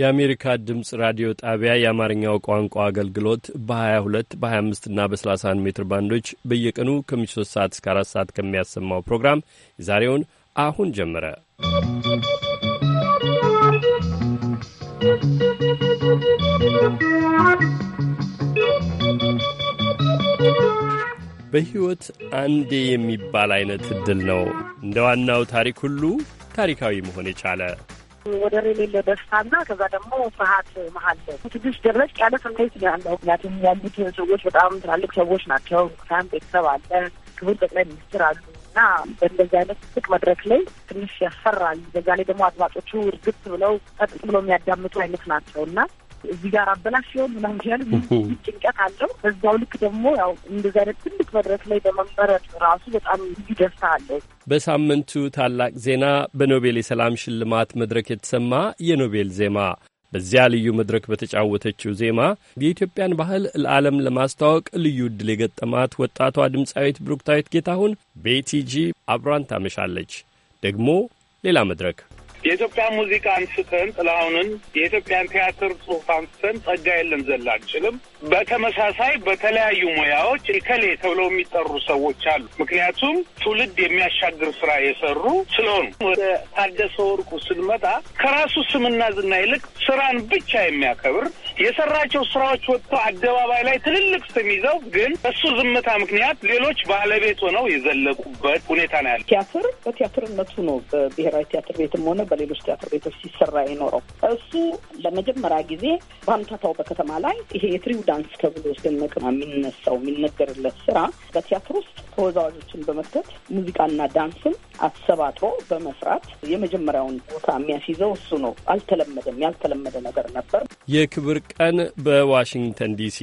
የአሜሪካ ድምፅ ራዲዮ ጣቢያ የአማርኛው ቋንቋ አገልግሎት በ22 በ25 እና በ31 ሜትር ባንዶች በየቀኑ ከምሽቱ 3 ሰዓት እስከ 4 ሰዓት ከሚያሰማው ፕሮግራም ዛሬውን አሁን ጀመረ። በሕይወት አንዴ የሚባል አይነት ዕድል ነው እንደ ዋናው ታሪክ ሁሉ ታሪካዊ መሆን የቻለ ወደር የሌለ ደስታና ከዛ ደግሞ ፍርሃት መሀል ትንሽ ደረቅ ያለ ስሜት ነው ያለው። ምክንያቱም ያሉት ሰዎች በጣም ትላልቅ ሰዎች ናቸው። ሳም ቤተሰብ አለ፣ ክቡር ጠቅላይ ሚኒስትር አሉ እና በእንደዚህ አይነት ትልቅ መድረክ ላይ ትንሽ ያስፈራል። በዛ ላይ ደግሞ አድማጮቹ እርግጥ ብለው ጠጥ ብለው የሚያዳምጡ አይነት ናቸው እና እዚህ ጋር አበላሽ ሲሆን ምናምን ያል ጭንቀት አለው። በዛው ልክ ደግሞ ያው እንደዚህ አይነት ትልቅ መድረክ ላይ በመመረጥ ራሱ በጣም ልዩ ደስታ አለው። በሳምንቱ ታላቅ ዜና በኖቤል የሰላም ሽልማት መድረክ የተሰማ የኖቤል ዜማ በዚያ ልዩ መድረክ በተጫወተችው ዜማ የኢትዮጵያን ባህል ለዓለም ለማስተዋወቅ ልዩ ዕድል የገጠማት ወጣቷ ድምፃዊት ብሩክታዊት ጌታሁን ቤቲጂ አብራን ታመሻለች። ደግሞ ሌላ መድረክ የኢትዮጵያ ሙዚቃ አንስተን ጥላሁንን፣ የኢትዮጵያን ቲያትር ጽሑፍ አንስተን ጸጋዬን ልንዘል አንችልም። በተመሳሳይ በተለያዩ ሙያዎች እከሌ ተብለው የሚጠሩ ሰዎች አሉ። ምክንያቱም ትውልድ የሚያሻግር ስራ የሰሩ ስለሆኑ። ወደ ታደሰ ወርቁ ስንመጣ ከራሱ ስምና ዝና ይልቅ ስራን ብቻ የሚያከብር የሰራቸው ስራዎች ወጥቶ አደባባይ ላይ ትልልቅ ስም ይዘው ግን እሱ ዝምታ ምክንያት ሌሎች ባለቤት ሆነው የዘለቁበት ሁኔታ ነው ያለ። ቲያትር በቲያትርነቱ ነው በብሔራዊ ቲያትር ቤትም ሆነ በሌሎች ቲያትር ቤቶች ሲሰራ የኖረው። እሱ ለመጀመሪያ ጊዜ በአምታታው በከተማ ላይ ይሄ የትሪውዳ ዳንስ ተብሎ እስደመቅ የሚነሳው የሚነገርለት ስራ በቲያትር ውስጥ ተወዛዋዦችን በመክተት ሙዚቃና ዳንስን አሰባጥሮ በመስራት የመጀመሪያውን ቦታ የሚያስይዘው እሱ ነው። አልተለመደም። ያልተለመደ ነገር ነበር። የክብር ቀን በዋሽንግተን ዲሲ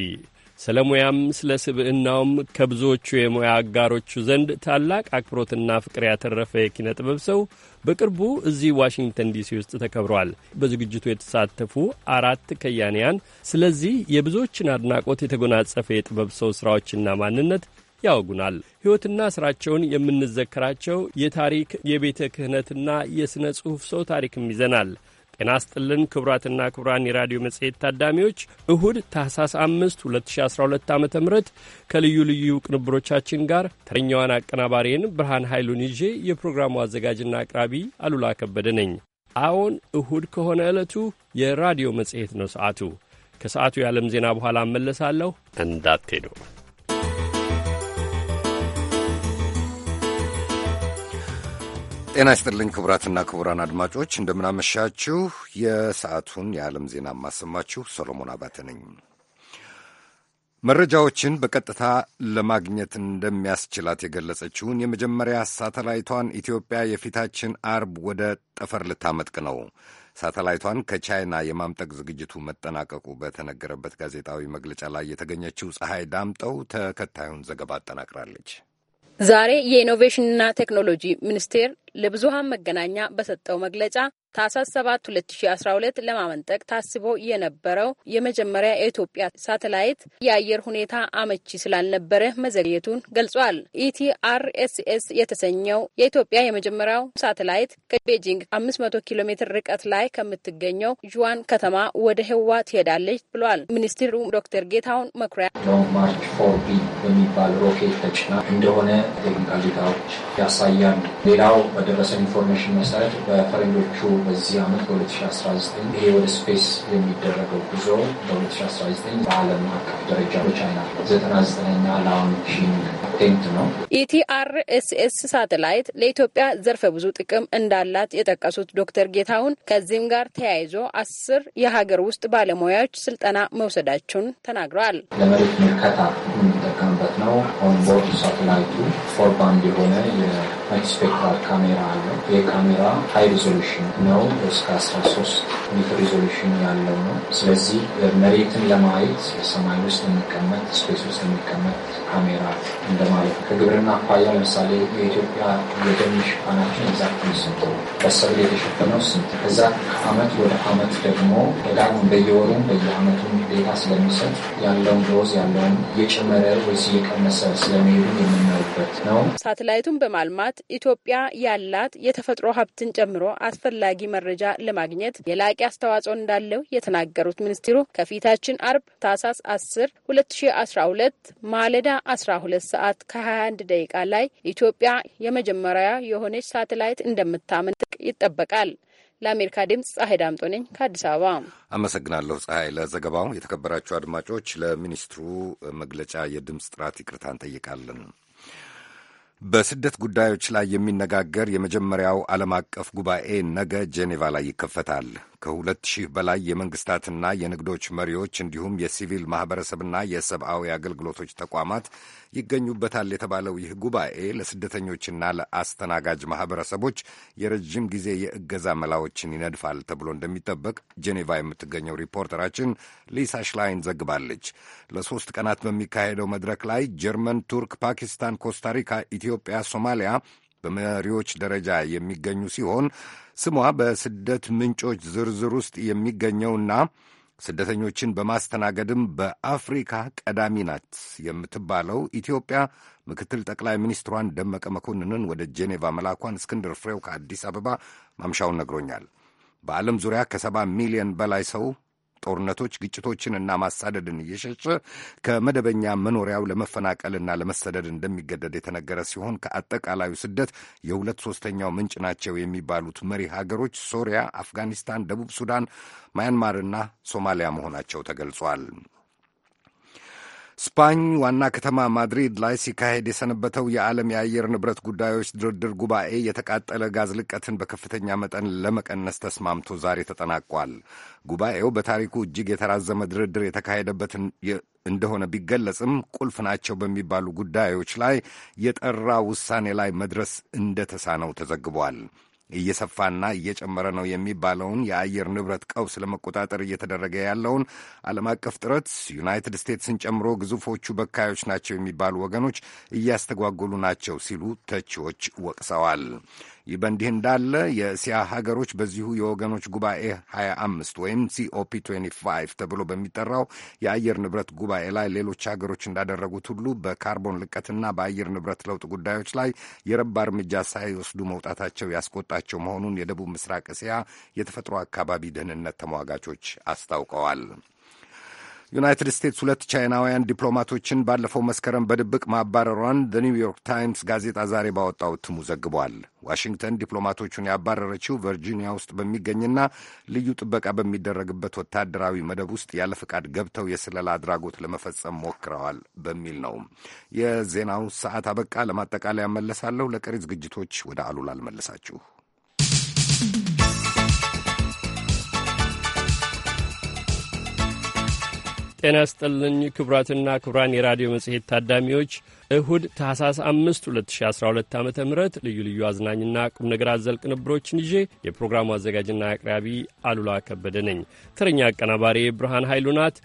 ስለ ሙያም ስለ ስብዕናውም ከብዙዎቹ የሙያ አጋሮቹ ዘንድ ታላቅ አክብሮትና ፍቅር ያተረፈ የኪነ ጥበብ ሰው በቅርቡ እዚህ ዋሽንግተን ዲሲ ውስጥ ተከብሯል። በዝግጅቱ የተሳተፉ አራት ከያንያን ስለዚህ የብዙዎችን አድናቆት የተጎናጸፈ የጥበብ ሰው ሥራዎችና ማንነት ያወጉናል። ሕይወትና ሥራቸውን የምንዘከራቸው የታሪክ የቤተ ክህነትና የሥነ ጽሑፍ ሰው ታሪክም ይዘናል። ጤና ስጥልን ክቡራትና ክቡራን የራዲዮ መጽሔት ታዳሚዎች እሁድ ታህሳስ 5 2012 ዓ ም ከልዩ ልዩ ቅንብሮቻችን ጋር ተረኛዋን አቀናባሪን ብርሃን ኃይሉን ይዤ የፕሮግራሙ አዘጋጅና አቅራቢ አሉላ ከበደ ነኝ። አዎን እሁድ ከሆነ ዕለቱ የራዲዮ መጽሔት ነው። ሰዓቱ ከሰዓቱ የዓለም ዜና በኋላ እመለሳለሁ። እንዳትሄዱ። ጤና ይስጥልኝ ክቡራትና ክቡራን አድማጮች እንደምናመሻችሁ። የሰዓቱን የዓለም ዜና የማሰማችሁ ሰሎሞን አባተ ነኝ። መረጃዎችን በቀጥታ ለማግኘት እንደሚያስችላት የገለጸችውን የመጀመሪያ ሳተላይቷን ኢትዮጵያ የፊታችን አርብ ወደ ጠፈር ልታመጥቅ ነው። ሳተላይቷን ከቻይና የማምጠቅ ዝግጅቱ መጠናቀቁ በተነገረበት ጋዜጣዊ መግለጫ ላይ የተገኘችው ፀሐይ ዳምጠው ተከታዩን ዘገባ አጠናቅራለች። ዛሬ የኢኖቬሽንና ቴክኖሎጂ ሚኒስቴር ለብዙሃን መገናኛ በሰጠው መግለጫ ታህሳስ 7 2012 ለማመንጠቅ ታስቦ የነበረው የመጀመሪያ የኢትዮጵያ ሳተላይት የአየር ሁኔታ አመቺ ስላልነበረ መዘግየቱን ገልጿል። ኢቲአርኤስኤስ የተሰኘው የኢትዮጵያ የመጀመሪያው ሳተላይት ከቤጂንግ 500 ኪሎ ሜትር ርቀት ላይ ከምትገኘው ዥዋን ከተማ ወደ ህዋ ትሄዳለች ብሏል። ሚኒስትሩ ዶክተር ጌታሁን መኩሪያ ማርች ፎር ቢ በሚባል ሮኬት ተጭና እንደሆነ ጋዜጣዎች ያሳያሉ። ሌላው በደረሰን ኢንፎርሜሽን መሰረት በፈረንጆቹ በዚህ ዓመት በ2019 ይሄ ወደ ስፔስ የሚደረገው ጉዞ በ2019 በዓለም አቀፍ ደረጃ በቻይና 99ኛ ላውንቺንግ አቴምፕት ነው። ኢቲአርኤስኤስ ሳተላይት ለኢትዮጵያ ዘርፈ ብዙ ጥቅም እንዳላት የጠቀሱት ዶክተር ጌታሁን ከዚህም ጋር ተያይዞ አስር የሀገር ውስጥ ባለሙያዎች ስልጠና መውሰዳቸውን ተናግረዋል። ለመሬት ምልከታ የምንጠቀም ማለት ነው። ኦንቦርድ ሳተላይቱ ፎር ባንድ የሆነ የስፔክትራል ካሜራ አለው። ይህ ካሜራ ሀይ ሪዞሉሽን ነው፣ እስከ 13 ሜትር ሪዞሉሽን ያለው ነው። ስለዚህ መሬትን ለማየት ሰማይ ውስጥ የሚቀመጥ ስፔስ ውስጥ የሚቀመጥ ካሜራ እንደማለት ነው። ከግብርና አኳያ ለምሳሌ የኢትዮጵያ የደን ሽፋናችን ኤግዛክት ስንት በሰብል የተሸፈነው ስንት? ከዛ ከአመት ወደ አመት ደግሞ ደጋግሞ በየወሩም በየአመቱም ዴታ ስለሚሰጥ ያለውን ሮዝ ያለውን የጨመረ ወይ እየቀነሰ ስለመሄዱ የምናይበት ነው። ሳተላይቱን በማልማት ኢትዮጵያ ያላት የተፈጥሮ ሀብትን ጨምሮ አስፈላጊ መረጃ ለማግኘት የላቂ አስተዋጽኦ እንዳለው የተናገሩት ሚኒስትሩ ከፊታችን አርብ ታህሳስ 10 2012 ማለዳ 12 ሰዓት ከ21 ደቂቃ ላይ ኢትዮጵያ የመጀመሪያ የሆነች ሳተላይት እንደምታመንጥቅ ይጠበቃል። ለአሜሪካ ድምፅ ፀሐይ ዳምጦ ነኝ ከአዲስ አበባ አመሰግናለሁ። ፀሐይ ለዘገባው። የተከበራችሁ አድማጮች ለሚኒስትሩ መግለጫ የድምፅ ጥራት ይቅርታ እንጠይቃለን። በስደት ጉዳዮች ላይ የሚነጋገር የመጀመሪያው ዓለም አቀፍ ጉባኤ ነገ ጄኔቫ ላይ ይከፈታል። ከሁለት ሺህ በላይ የመንግስታትና የንግዶች መሪዎች እንዲሁም የሲቪል ማኅበረሰብና የሰብአዊ አገልግሎቶች ተቋማት ይገኙበታል የተባለው ይህ ጉባኤ ለስደተኞችና ለአስተናጋጅ ማኅበረሰቦች የረዥም ጊዜ የእገዛ መላዎችን ይነድፋል ተብሎ እንደሚጠበቅ ጄኔቫ የምትገኘው ሪፖርተራችን ሊሳ ሽላይን ዘግባለች። ለሦስት ቀናት በሚካሄደው መድረክ ላይ ጀርመን፣ ቱርክ፣ ፓኪስታን፣ ኮስታሪካ፣ ኢትዮጵያ፣ ሶማሊያ በመሪዎች ደረጃ የሚገኙ ሲሆን ስሟ በስደት ምንጮች ዝርዝር ውስጥ የሚገኘውና ስደተኞችን በማስተናገድም በአፍሪካ ቀዳሚ ናት የምትባለው ኢትዮጵያ ምክትል ጠቅላይ ሚኒስትሯን ደመቀ መኮንንን ወደ ጄኔቫ መላኳን እስክንድር ፍሬው ከአዲስ አበባ ማምሻውን ነግሮኛል። በዓለም ዙሪያ ከሰባ ሚሊዮን በላይ ሰው ጦርነቶች፣ ግጭቶችንና ማሳደድን እየሸሸ ከመደበኛ መኖሪያው ለመፈናቀልና ለመሰደድ እንደሚገደድ የተነገረ ሲሆን ከአጠቃላዩ ስደት የሁለት ሶስተኛው ምንጭ ናቸው የሚባሉት መሪ ሀገሮች ሶሪያ፣ አፍጋኒስታን፣ ደቡብ ሱዳን፣ ማያንማርና ሶማሊያ መሆናቸው ተገልጿል። ስፓኝ ዋና ከተማ ማድሪድ ላይ ሲካሄድ የሰነበተው የዓለም የአየር ንብረት ጉዳዮች ድርድር ጉባኤ የተቃጠለ ጋዝ ልቀትን በከፍተኛ መጠን ለመቀነስ ተስማምቶ ዛሬ ተጠናቋል። ጉባኤው በታሪኩ እጅግ የተራዘመ ድርድር የተካሄደበት እንደሆነ ቢገለጽም ቁልፍ ናቸው በሚባሉ ጉዳዮች ላይ የጠራ ውሳኔ ላይ መድረስ እንደተሳነው ተዘግቧል። እየሰፋና እየጨመረ ነው የሚባለውን የአየር ንብረት ቀውስ ለመቆጣጠር እየተደረገ ያለውን ዓለም አቀፍ ጥረት ዩናይትድ ስቴትስን ጨምሮ ግዙፎቹ በካዮች ናቸው የሚባሉ ወገኖች እያስተጓጎሉ ናቸው ሲሉ ተቺዎች ወቅሰዋል። ይህ በእንዲህ እንዳለ የእስያ ሀገሮች በዚሁ የወገኖች ጉባኤ 25 ወይም ሲኦፒ 25 ተብሎ በሚጠራው የአየር ንብረት ጉባኤ ላይ ሌሎች ሀገሮች እንዳደረጉት ሁሉ በካርቦን ልቀትና በአየር ንብረት ለውጥ ጉዳዮች ላይ የረባ እርምጃ ሳይወስዱ መውጣታቸው ያስቆጣቸው መሆኑን የደቡብ ምስራቅ እስያ የተፈጥሮ አካባቢ ደህንነት ተሟጋቾች አስታውቀዋል። ዩናይትድ ስቴትስ ሁለት ቻይናውያን ዲፕሎማቶችን ባለፈው መስከረም በድብቅ ማባረሯን ኒውዮርክ ታይምስ ጋዜጣ ዛሬ ባወጣው እትሙ ዘግቧል። ዋሽንግተን ዲፕሎማቶቹን ያባረረችው ቨርጂኒያ ውስጥ በሚገኝና ልዩ ጥበቃ በሚደረግበት ወታደራዊ መደብ ውስጥ ያለ ፍቃድ ገብተው የስለላ አድራጎት ለመፈጸም ሞክረዋል በሚል ነው። የዜናው ሰዓት አበቃ። ለማጠቃለያ መለሳለሁ። ለቀሪ ዝግጅቶች ወደ አሉላ አልመለሳችሁ። ጤና ስጥልኝ ክቡራትና ክቡራን የራዲዮ መጽሔት ታዳሚዎች እሁድ ታህሳስ 5 2012 ዓ ም ልዩ ልዩ አዝናኝና ቁም ነገር አዘል ቅንብሮችን ይዤ የፕሮግራሙ አዘጋጅና አቅራቢ አሉላ ከበደ ነኝ። ተረኛ አቀናባሪ ብርሃን ኃይሉ ናት።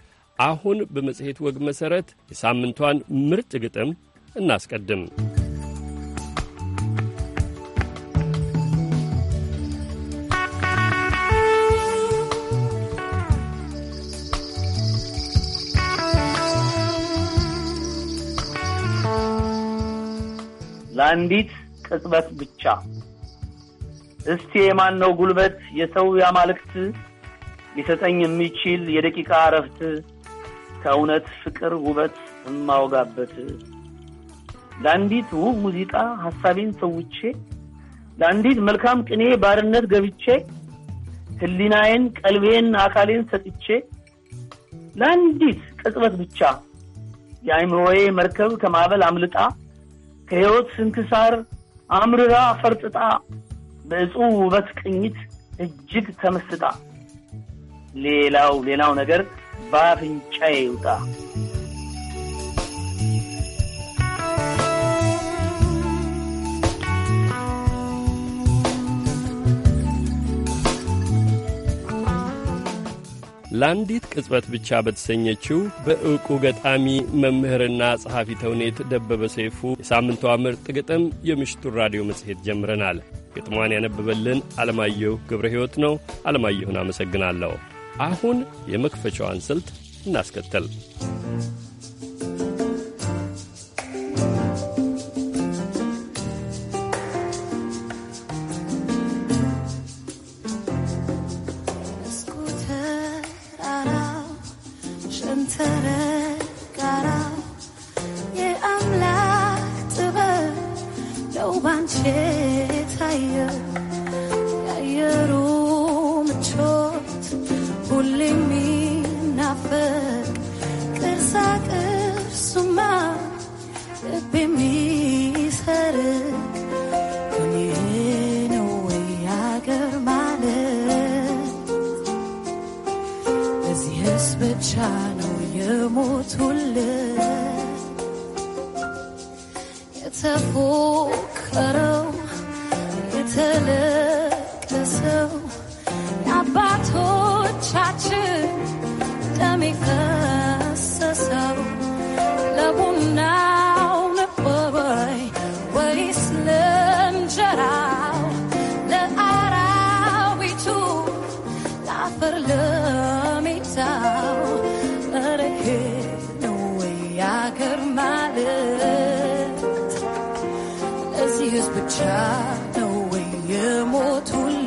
አሁን በመጽሔት ወግ መሠረት የሳምንቷን ምርጥ ግጥም እናስቀድም። ለአንዲት ቅጽበት ብቻ እስቲ ነው ጉልበት የሰው ያማልክት ሊሰጠኝ የሚችል የደቂቃ እረፍት ከእውነት ፍቅር ውበት እማወጋበት ለአንዲት ውብ ሙዚቃ ሀሳቤን ሰውቼ ለአንዲት መልካም ቅኔ ባርነት ገብቼ ሕሊናዬን ቀልቤን አካሌን ሰጥቼ ለአንዲት ቅጽበት ብቻ የአእምሮዬ መርከብ ከማዕበል አምልጣ ከሕይወት ስንክሳር አምርራ ፈርጥጣ በእጹብ ውበት ቅኝት እጅግ ተመስጣ ሌላው ሌላው ነገር በአፍንጫ ይውጣ። ለአንዲት ቅጽበት ብቻ በተሰኘችው በእውቁ ገጣሚ መምህርና ጸሐፊ ተውኔት ደበበ ሰይፉ የሳምንቷ ምርጥ ግጥም የምሽቱን ራዲዮ መጽሔት ጀምረናል። ግጥሟን ያነበበልን ዓለማየሁ ግብረ ሕይወት ነው። ዓለማየሁን አመሰግናለሁ። አሁን የመክፈቻዋን ስልት እናስከተል።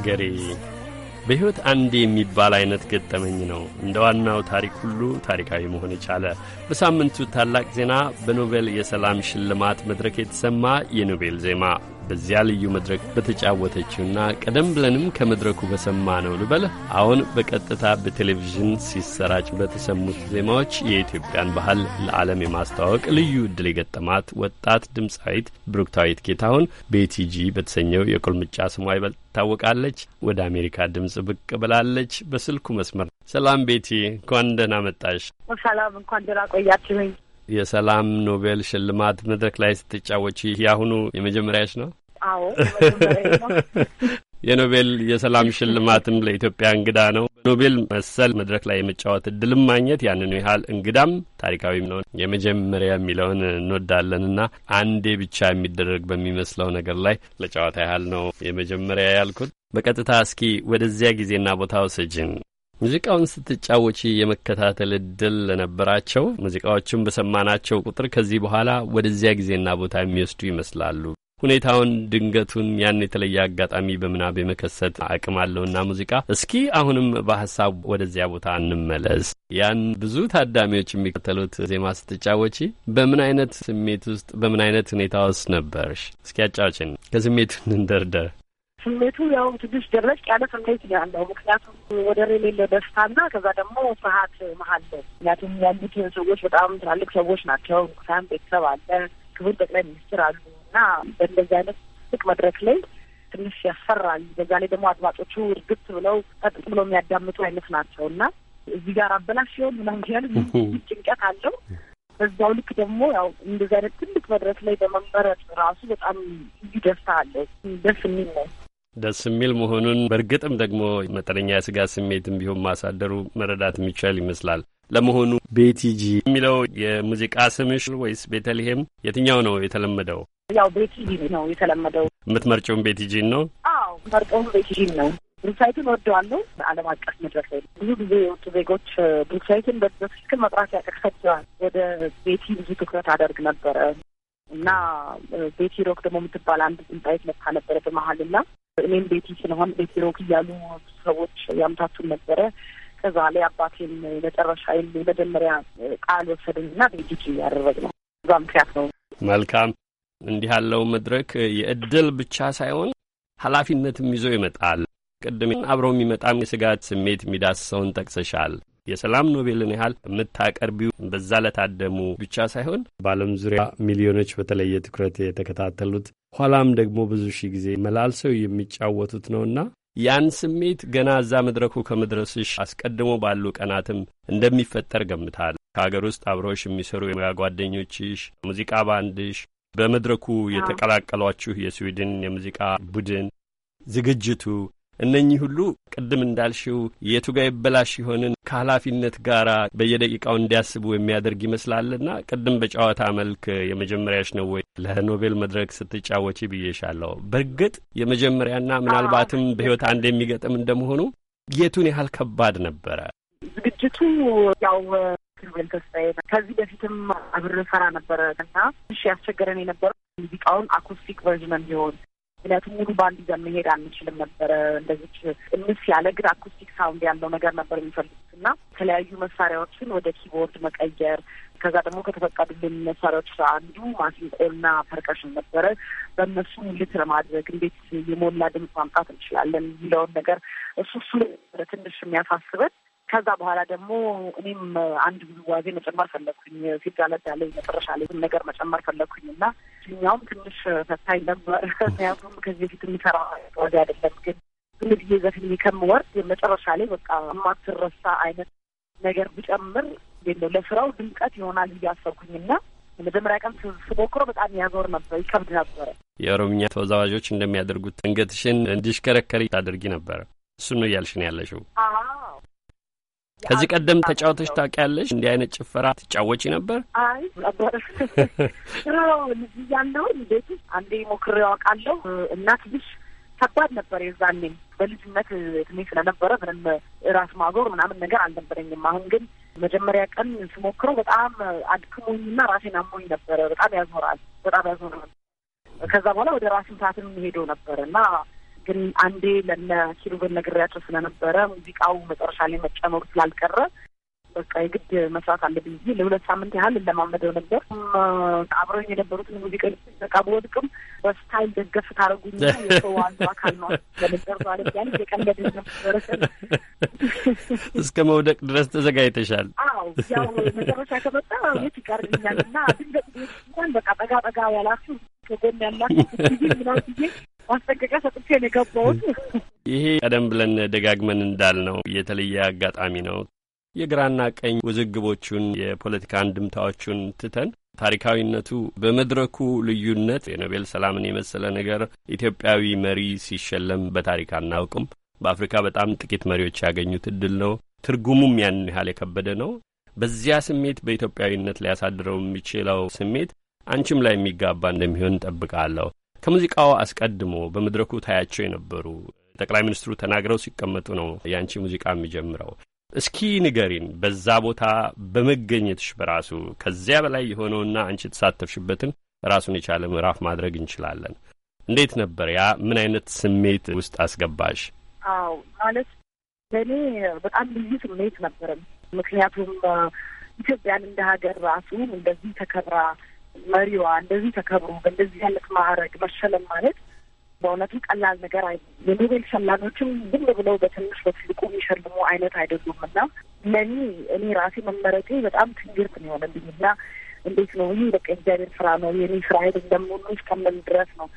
አገሬ በሕይወት አንዴ የሚባል አይነት ገጠመኝ ነው። እንደ ዋናው ታሪክ ሁሉ ታሪካዊ መሆን የቻለ በሳምንቱ ታላቅ ዜና በኖቤል የሰላም ሽልማት መድረክ የተሰማ የኖቤል ዜማ በዚያ ልዩ መድረክ በተጫወተችውና ቀደም ብለንም ከመድረኩ በሰማ ነው ልበል አሁን በቀጥታ በቴሌቪዥን ሲሰራጭ በተሰሙት ዜማዎች የኢትዮጵያን ባህል ለዓለም የማስተዋወቅ ልዩ እድል የገጠማት ወጣት ድምፃዊት ብሩክታዊት ጌታሁን ቤቲጂ በተሰኘው የቁልምጫ ስሟ ይበልጥ ታወቃለች። ወደ አሜሪካ ድምጽ ብቅ ብላለች በስልኩ መስመር። ሰላም ቤቲ፣ እንኳን ደህና መጣሽ። ሰላም፣ እንኳን ደህና ቆያችሁኝ። የሰላም ኖቤል ሽልማት መድረክ ላይ ስትጫወች ያሁኑ የመጀመሪያች ነው? አዎ የኖቤል የሰላም ሽልማትም ለኢትዮጵያ እንግዳ ነው። ኖቤል መሰል መድረክ ላይ የመጫወት እድልም ማግኘት ያንኑ ያህል እንግዳም ታሪካዊም ነው። የመጀመሪያ የሚለውን እንወዳለንና አንዴ ብቻ የሚደረግ በሚመስለው ነገር ላይ ለጨዋታ ያህል ነው የመጀመሪያ ያልኩት። በቀጥታ እስኪ ወደዚያ ጊዜና ቦታ ውስጅን ሙዚቃውን ስትጫወቺ የመከታተል እድል ለነበራቸው ሙዚቃዎቹን በሰማናቸው ቁጥር ከዚህ በኋላ ወደዚያ ጊዜና ቦታ የሚወስዱ ይመስላሉ። ሁኔታውን ድንገቱን ያን የተለየ አጋጣሚ በምናብ የመከሰት አቅም አለውና ሙዚቃ። እስኪ አሁንም በሀሳብ ወደዚያ ቦታ እንመለስ። ያን ብዙ ታዳሚዎች የሚከተሉት ዜማ ስትጫወቺ በምን አይነት ስሜት ውስጥ በምን አይነት ሁኔታ ውስጥ ነበርሽ? እስኪ አጫዎችን ከስሜቱ እንደርደር። ስሜቱ ያው ትንሽ ደረቅ ያለ ስሜት ነው ያለው። ምክንያቱም ወደር ደስታ ደስታና ከዛ ደግሞ ፍርሃት መሀል ነው። ምክንያቱም ያሉት ሰዎች በጣም ትላልቅ ሰዎች ናቸው። ሳም ቤተሰብ አለ፣ ክቡር ጠቅላይ ሚኒስትር አሉ እና በእንደዚህ አይነት ትልቅ መድረክ ላይ ትንሽ ያሰራል። በዛ ላይ ደግሞ አድማጮቹ እርግጥ ብለው ጠጥ ብለው የሚያዳምጡ አይነት ናቸው እና እዚህ ጋር አበላሽ ሲሆን ምናምን ጭንቀት አለው። በዛው ልክ ደግሞ ያው እንደዚህ አይነት ትልቅ መድረክ ላይ በመመረጥ ራሱ በጣም ልዩ ደስታ አለው። ደስ የሚል ነው ደስ የሚል መሆኑን በእርግጥም ደግሞ መጠነኛ የስጋት ስሜትም ቢሆን ማሳደሩ መረዳት የሚቻል ይመስላል። ለመሆኑ ቤቲጂ የሚለው የሙዚቃ ስምሽ ወይስ ቤተልሔም የትኛው ነው የተለመደው? ያው ቤቲጂ ነው የተለመደው። የምትመርጭውን ቤቲጂን ነው? አዎ መርጠውን ቤቲጂን ነው። ብሩክሳይትን ወደዋለሁ። ዓለም አቀፍ መድረክ ላይ ብዙ ጊዜ የወጡ ዜጎች ብሩክሳይትን በትክክል መጥራት ያቀርሳቸዋል። ወደ ቤቲ ብዙ ትኩረት አደርግ ነበረ እና ቤቲ ሮክ ደግሞ የምትባል አንድ ጥንጣይት መታ ነበረ በመሀል እና እኔም ቤቲ ስለሆን ቤቲ ሮክ እያሉ ሰዎች ያምታቱን ነበረ። ከዛ ላይ አባቴን የመጨረሻ የመጀመሪያ ቃል ወሰደኝና ድርጅት እያደረግ ነው። እዛ ምክንያት ነው። መልካም እንዲህ ያለው መድረክ የእድል ብቻ ሳይሆን ኃላፊነትም ይዞ ይመጣል። ቅድም አብረው የሚመጣም የስጋት ስሜት የሚዳስሰውን ጠቅሰሻል። የሰላም ኖቤልን ያህል የምታቀርቢው በዛ ለታደሙ ብቻ ሳይሆን በዓለም ዙሪያ ሚሊዮኖች በተለየ ትኩረት የተከታተሉት ኋላም ደግሞ ብዙ ሺህ ጊዜ መላልሰው የሚጫወቱት ነውና ያን ስሜት ገና እዛ መድረኩ ከመድረስሽ አስቀድሞ ባሉ ቀናትም እንደሚፈጠር ገምታል። ከሀገር ውስጥ አብረውሽ የሚሰሩ የሙያ ጓደኞችሽ፣ ሙዚቃ ባንድሽ፣ በመድረኩ የተቀላቀሏችሁ የስዊድን የሙዚቃ ቡድን ዝግጅቱ፣ እነኚህ ሁሉ ቅድም እንዳልሽው የቱጋ ጋ ይበላሽ ይሆንን ከኃላፊነት ጋር በየደቂቃው እንዲያስቡ የሚያደርግ ይመስላልና ቅድም በጨዋታ መልክ የመጀመሪያሽ ነው ወይ ለኖቤል መድረክ ስትጫወች ብዬሻለሁ። በእርግጥ የመጀመሪያና ምናልባትም በህይወት አንድ የሚገጥም እንደመሆኑ የቱን ያህል ከባድ ነበረ ዝግጅቱ? ያው ክርቤል ተስፋዬ ከዚህ በፊትም አብሬ ሰራ ነበረ እና ትንሽ ያስቸገረን የነበረው ሙዚቃውን አኩስቲክ ቨርዥን ቢሆን ምክንያቱም ሙሉ ባንድ ይዘን መሄድ አንችልም ነበረ። እንደዚች እንስ ያለ ግን አኩስቲክ ሳውንድ ያለው ነገር ነበር የሚፈልጉት እና የተለያዩ መሳሪያዎችን ወደ ኪቦርድ መቀየር ከዛ ደግሞ ከተፈቀዱልን መሳሪያዎች አንዱ ማሲንቆና ፐርከሽን ነበረ። በእነሱ ሙልት ለማድረግ እንዴት የሞላ ድምፅ ማምጣት እንችላለን የሚለውን ነገር እሱ እሱ ትንሽ የሚያሳስበን ከዛ በኋላ ደግሞ እኔም አንድ ውዝዋዜ መጨመር ፈለግኩኝ። ሲጋለድ ያለ መጨረሻ ላይ ነገር መጨመር ፈለግኩኝ እና እኛውም ትንሽ ፈታኝ ነበር። ምክንያቱም ከዚህ በፊት የሚሰራ ዋዜ አይደለም፣ ግን ብዙ ጊዜ ዘፊልም ከምወርድ መጨረሻ ላይ በቃ የማትረሳ አይነት ነገር ብጨምር የለው ለስራው ድምቀት ይሆናል እያሰብኩኝ አሰብኩኝ እና መጀመሪያ ቀን ስሞክሮ በጣም ያዞር ነበር፣ ይከብድ ነበረ። የኦሮምኛ ተወዛዋዦች እንደሚያደርጉት አንገትሽን እንዲሽከረከሪ ታደርጊ ነበር። እሱ ነው እያልሽን ያለሽው? ከዚህ ቀደም ተጫውተሽ ታውቂያለሽ? እንዲህ አይነት ጭፈራ ትጫወች ነበር? አይ ነበር ልጅ ያለውን ቤት አንዴ ሞክሬ አውቃለሁ እና ትንሽ ከባድ ነበር። የዛኔ በልጅነት እድሜ ስለነበረ ምንም ራስ ማዞር ምናምን ነገር አልነበረኝም። አሁን ግን መጀመሪያ ቀን ስሞክረው በጣም አድክሞኝና ራሴን አሞኝ ነበረ። በጣም ያዞራል፣ በጣም ያዞራል። ከዛ በኋላ ወደ ራስን ሰዓትም ሄደው ነበር እና ግን አንዴ ለነ ኪሩቤል ነግሬያቸው ስለነበረ ሙዚቃው መጨረሻ ላይ መጨመሩ ስላልቀረ በቃ የግድ መስራት አለብኝ ብዬ ለሁለት ሳምንት ያህል እንለማመደው ነበር። አብረኝ የነበሩትን ሙዚቃ በቃ በወድቅም በስታይል ደገፍ ታደረጉኝ የሰው አንዱ አካል ነው ለነበር ማለት ያን የቀለድ ነበረ እስከ መውደቅ ድረስ ተዘጋጅተሻል። አዎ ያው መጨረሻ ከመጣ የት ይቀርልኛል እና ድንገት እንኳን በቃ ጠጋ ጠጋ ያላችሁ ከጎን ያላችሁ ጊዜ ምናምን ጊዜ ማስጠንቀቂያ ሰጥቼ ነው የገባሁት። ይሄ ቀደም ብለን ደጋግመን እንዳልነው የተለየ አጋጣሚ ነው። የግራና ቀኝ ውዝግቦቹን የፖለቲካ አንድምታዎቹን ትተን ታሪካዊነቱ በመድረኩ ልዩነት የኖቤል ሰላምን የመሰለ ነገር ኢትዮጵያዊ መሪ ሲሸለም በታሪክ አናውቅም። በአፍሪካ በጣም ጥቂት መሪዎች ያገኙት እድል ነው። ትርጉሙም ያን ያህል የከበደ ነው። በዚያ ስሜት በኢትዮጵያዊነት ሊያሳድረው የሚችለው ስሜት አንቺም ላይ የሚጋባ እንደሚሆን እንጠብቃለሁ። ከሙዚቃው አስቀድሞ በመድረኩ ታያቸው የነበሩ ጠቅላይ ሚኒስትሩ ተናግረው ሲቀመጡ ነው የአንቺ ሙዚቃ የሚጀምረው። እስኪ ንገሪን፣ በዛ ቦታ በመገኘትሽ በራሱ ከዚያ በላይ የሆነውና አንቺ የተሳተፍሽበትን ራሱን የቻለ ምዕራፍ ማድረግ እንችላለን። እንዴት ነበር ያ? ምን አይነት ስሜት ውስጥ አስገባሽ? አዎ ማለት ለእኔ በጣም ልዩ ስሜት ነበርም። ምክንያቱም ኢትዮጵያን እንደ ሀገር ራሱ እንደዚህ ተከብራ መሪዋ እንደዚህ ተከብሮ በእንደዚህ አይነት ማዕረግ መሸለም ማለት በእውነቱ ቀላል ነገር አይ የኖቤል ሸላኞችም ዝም ብለው በትንሽ በትልቁ የሚሸልሙ አይነት አይደሉም እና ለእኔ እኔ ራሴ መመረጤ በጣም ትንግርት ነው የሆነብኝ እና እንዴት ነው ይህ በቃ እግዚአብሔር ስራ ነው የኔ ስራ ሄድ እንደምሆኑ እስከምን ድረስ ነው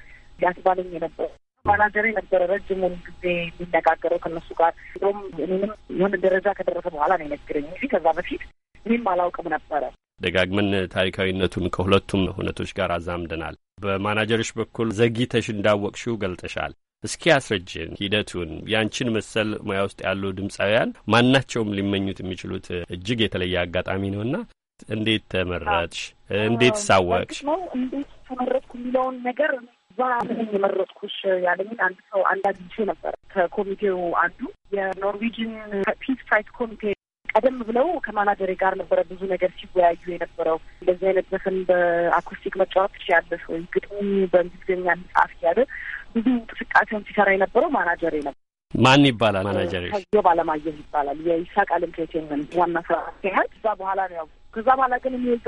ያስባለኝ የነበረ ማናጀር የነበረ ረጅሙን ጊዜ የሚነጋገረው ከእነሱ ጋር እንደውም እኔንም የሆነ ደረጃ ከደረሰ በኋላ ነው የነገረኝ እንጂ ከዛ በፊት እኔም አላውቅም ነበረ ደጋግመን ታሪካዊነቱን ከሁለቱም እውነቶች ጋር አዛምደናል። በማናጀሮች በኩል ዘግይተሽ እንዳወቅሽው ገልጠሻል። እስኪ አስረጅን ሂደቱን። ያንቺን መሰል ሙያ ውስጥ ያሉ ድምፃውያን ማናቸውም ሊመኙት የሚችሉት እጅግ የተለየ አጋጣሚ ነውና እንዴት ተመረጥሽ? እንዴት ሳወቅሽ እንዴት ተመረጥኩ የሚለውን ነገር እዛ ምን የመረጥኩሽ ያለኝን አንድ ሰው አንድ አግኝቼ ነበረ። ከኮሚቴው አንዱ የኖርዌጅን ፒስ ፕራይስ ኮሚቴ ቀደም ብለው ከማናጀሬ ጋር ነበረ ብዙ ነገር ሲወያዩ የነበረው። እንደዚህ አይነት ዘፈን በአኩስቲክ መጫወት ትችያለሽ ወይ? ግጥሙ በእንግሊዝኛ ጻፍ ያለ ብዙ እንቅስቃሴውን ሲሰራ የነበረው ማናጀሬ ነበር። ማን ይባላል ማናጀሬ? ዮብ አለማየሁ ይባላል። የይስሐቅ ዓለም ዋና ስራ ያህል። ከዛ በኋላ ነው ያው ከዛ በኋላ ግን የሚወዛ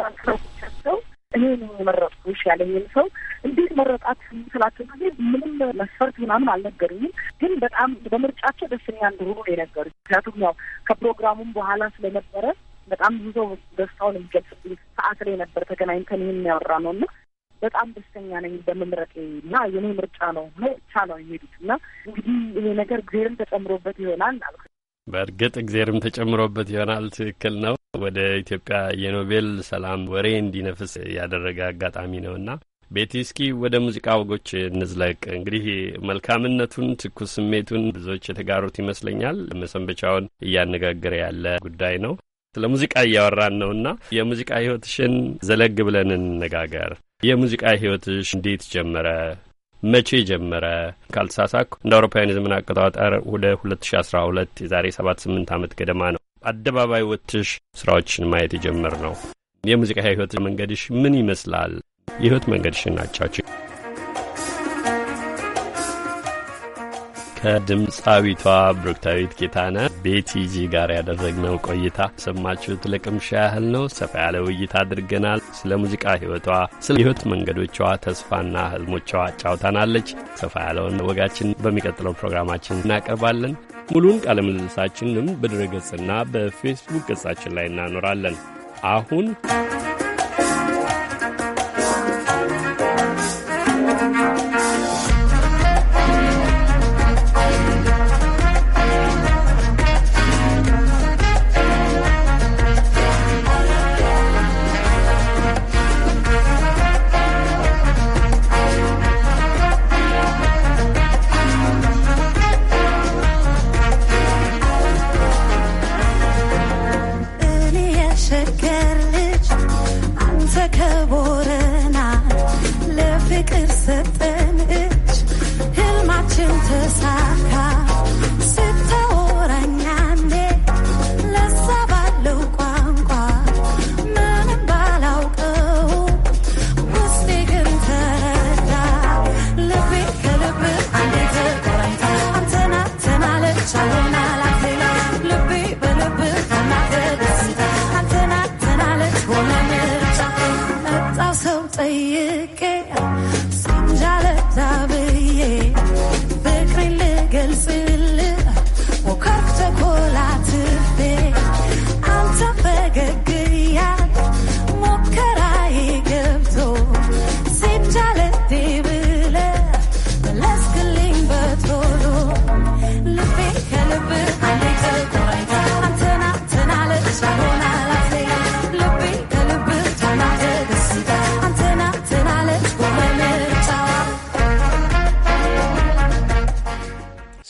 ሰው እኔ ነው የመረጥኩሽ ያለኝን ሰው እንዴት መረጣት ስላቸው ጊዜ ምንም መስፈርት ምናምን አልነገሩኝም። ግን በጣም በምርጫቸው ደስተኛ እንደሆኑ ነው የነገሩ። ምክንያቱም ያው ከፕሮግራሙም በኋላ ስለነበረ በጣም ብዙ ሰው ደስታውን የሚገልጽብኝ ሰዓት ላይ ነበር ተገናኝተን ይህን የሚያወራ ነው እና በጣም ደስተኛ ነኝ በመምረጤ እና የኔ ምርጫ ነው ብሎ ብቻ ነው የሄዱት እና እንግዲህ ይሄ ነገር እግዜርም ተጨምሮበት ይሆናል አልኩ። በእርግጥ እግዜርም ተጨምሮበት ይሆናል። ትክክል ነው። ወደ ኢትዮጵያ የኖቤል ሰላም ወሬ እንዲነፍስ ያደረገ አጋጣሚ ነውና ቤቲ እስኪ ወደ ሙዚቃ ወጎች እንዝለቅ። እንግዲህ መልካምነቱን፣ ትኩስ ስሜቱን ብዙዎች የተጋሩት ይመስለኛል። መሰንበቻውን እያነጋገረ ያለ ጉዳይ ነው። ስለ ሙዚቃ እያወራን ነውና የሙዚቃ ህይወትሽን ዘለግ ብለን እንነጋገር። የሙዚቃ ህይወትሽ እንዴት ጀመረ? መቼ ጀመረ? ካልተሳሳኩ እንደ አውሮፓውያን የዘመን አቆጣጠር ወደ 2012 የዛሬ 78 ዓመት ገደማ ነው አደባባይ ወጥሽ ስራዎችን ማየት የጀመር ነው። የሙዚቃ ህይወት መንገድሽ ምን ይመስላል? የህይወት መንገድሽ ናቻቸው ከድምፃዊቷ ብሩክታዊት ጌታነ ቤቲጂ ጋር ያደረግነው ቆይታ ሰማችሁት። ለቅምሻ ያህል ነው። ሰፋ ያለ ውይይት አድርገናል። ስለ ሙዚቃ ህይወቷ፣ ስለ ህይወት መንገዶቿ፣ ተስፋና ህልሞቿ አጫውታናለች። ሰፋ ያለውን ወጋችን በሚቀጥለው ፕሮግራማችን እናቀርባለን። ሙሉውን ቃለ ምልልሳችንንም በድረገጽና በፌስቡክ ገጻችን ላይ እናኖራለን። አሁን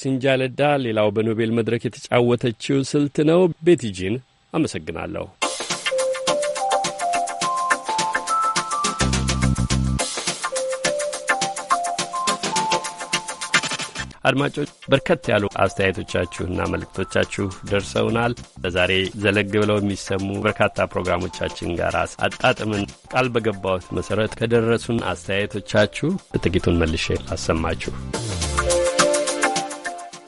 ሲንጃለዳ ሌላው በኖቤል መድረክ የተጫወተችው ስልት ነው። ቤቲጂን አመሰግናለሁ። አድማጮች በርከት ያሉ አስተያየቶቻችሁና መልእክቶቻችሁ ደርሰውናል። በዛሬ ዘለግ ብለው የሚሰሙ በርካታ ፕሮግራሞቻችን ጋር አጣጥምን ቃል በገባሁት መሰረት ከደረሱን አስተያየቶቻችሁ ጥቂቱን መልሼ አሰማችሁ?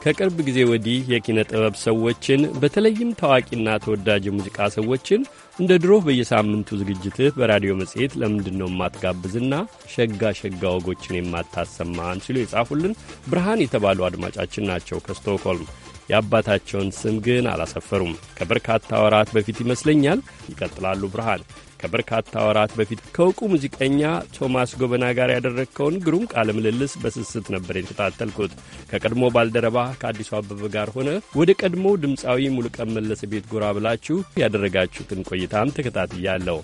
ከቅርብ ጊዜ ወዲህ የኪነ ጥበብ ሰዎችን በተለይም ታዋቂና ተወዳጅ የሙዚቃ ሰዎችን እንደ ድሮ በየሳምንቱ ዝግጅትህ በራዲዮ መጽሔት ለምንድን ነው የማትጋብዝና ሸጋ ሸጋ ወጎችን የማታሰማን ሲሉ የጻፉልን ብርሃን የተባሉ አድማጫችን ናቸው ከስቶክሆልም። የአባታቸውን ስም ግን አላሰፈሩም። ከበርካታ ወራት በፊት ይመስለኛል። ይቀጥላሉ ብርሃን ከበርካታ ወራት በፊት ከእውቁ ሙዚቀኛ ቶማስ ጎበና ጋር ያደረግከውን ግሩም ቃለ ምልልስ በስስት ነበር የተከታተልኩት። ከቀድሞ ባልደረባ ከአዲሱ አበበ ጋር ሆነ ወደ ቀድሞ ድምፃዊ ሙሉቀን መለሰ ቤት ጎራ ብላችሁ ያደረጋችሁትን ቆይታም ተከታትያለሁ።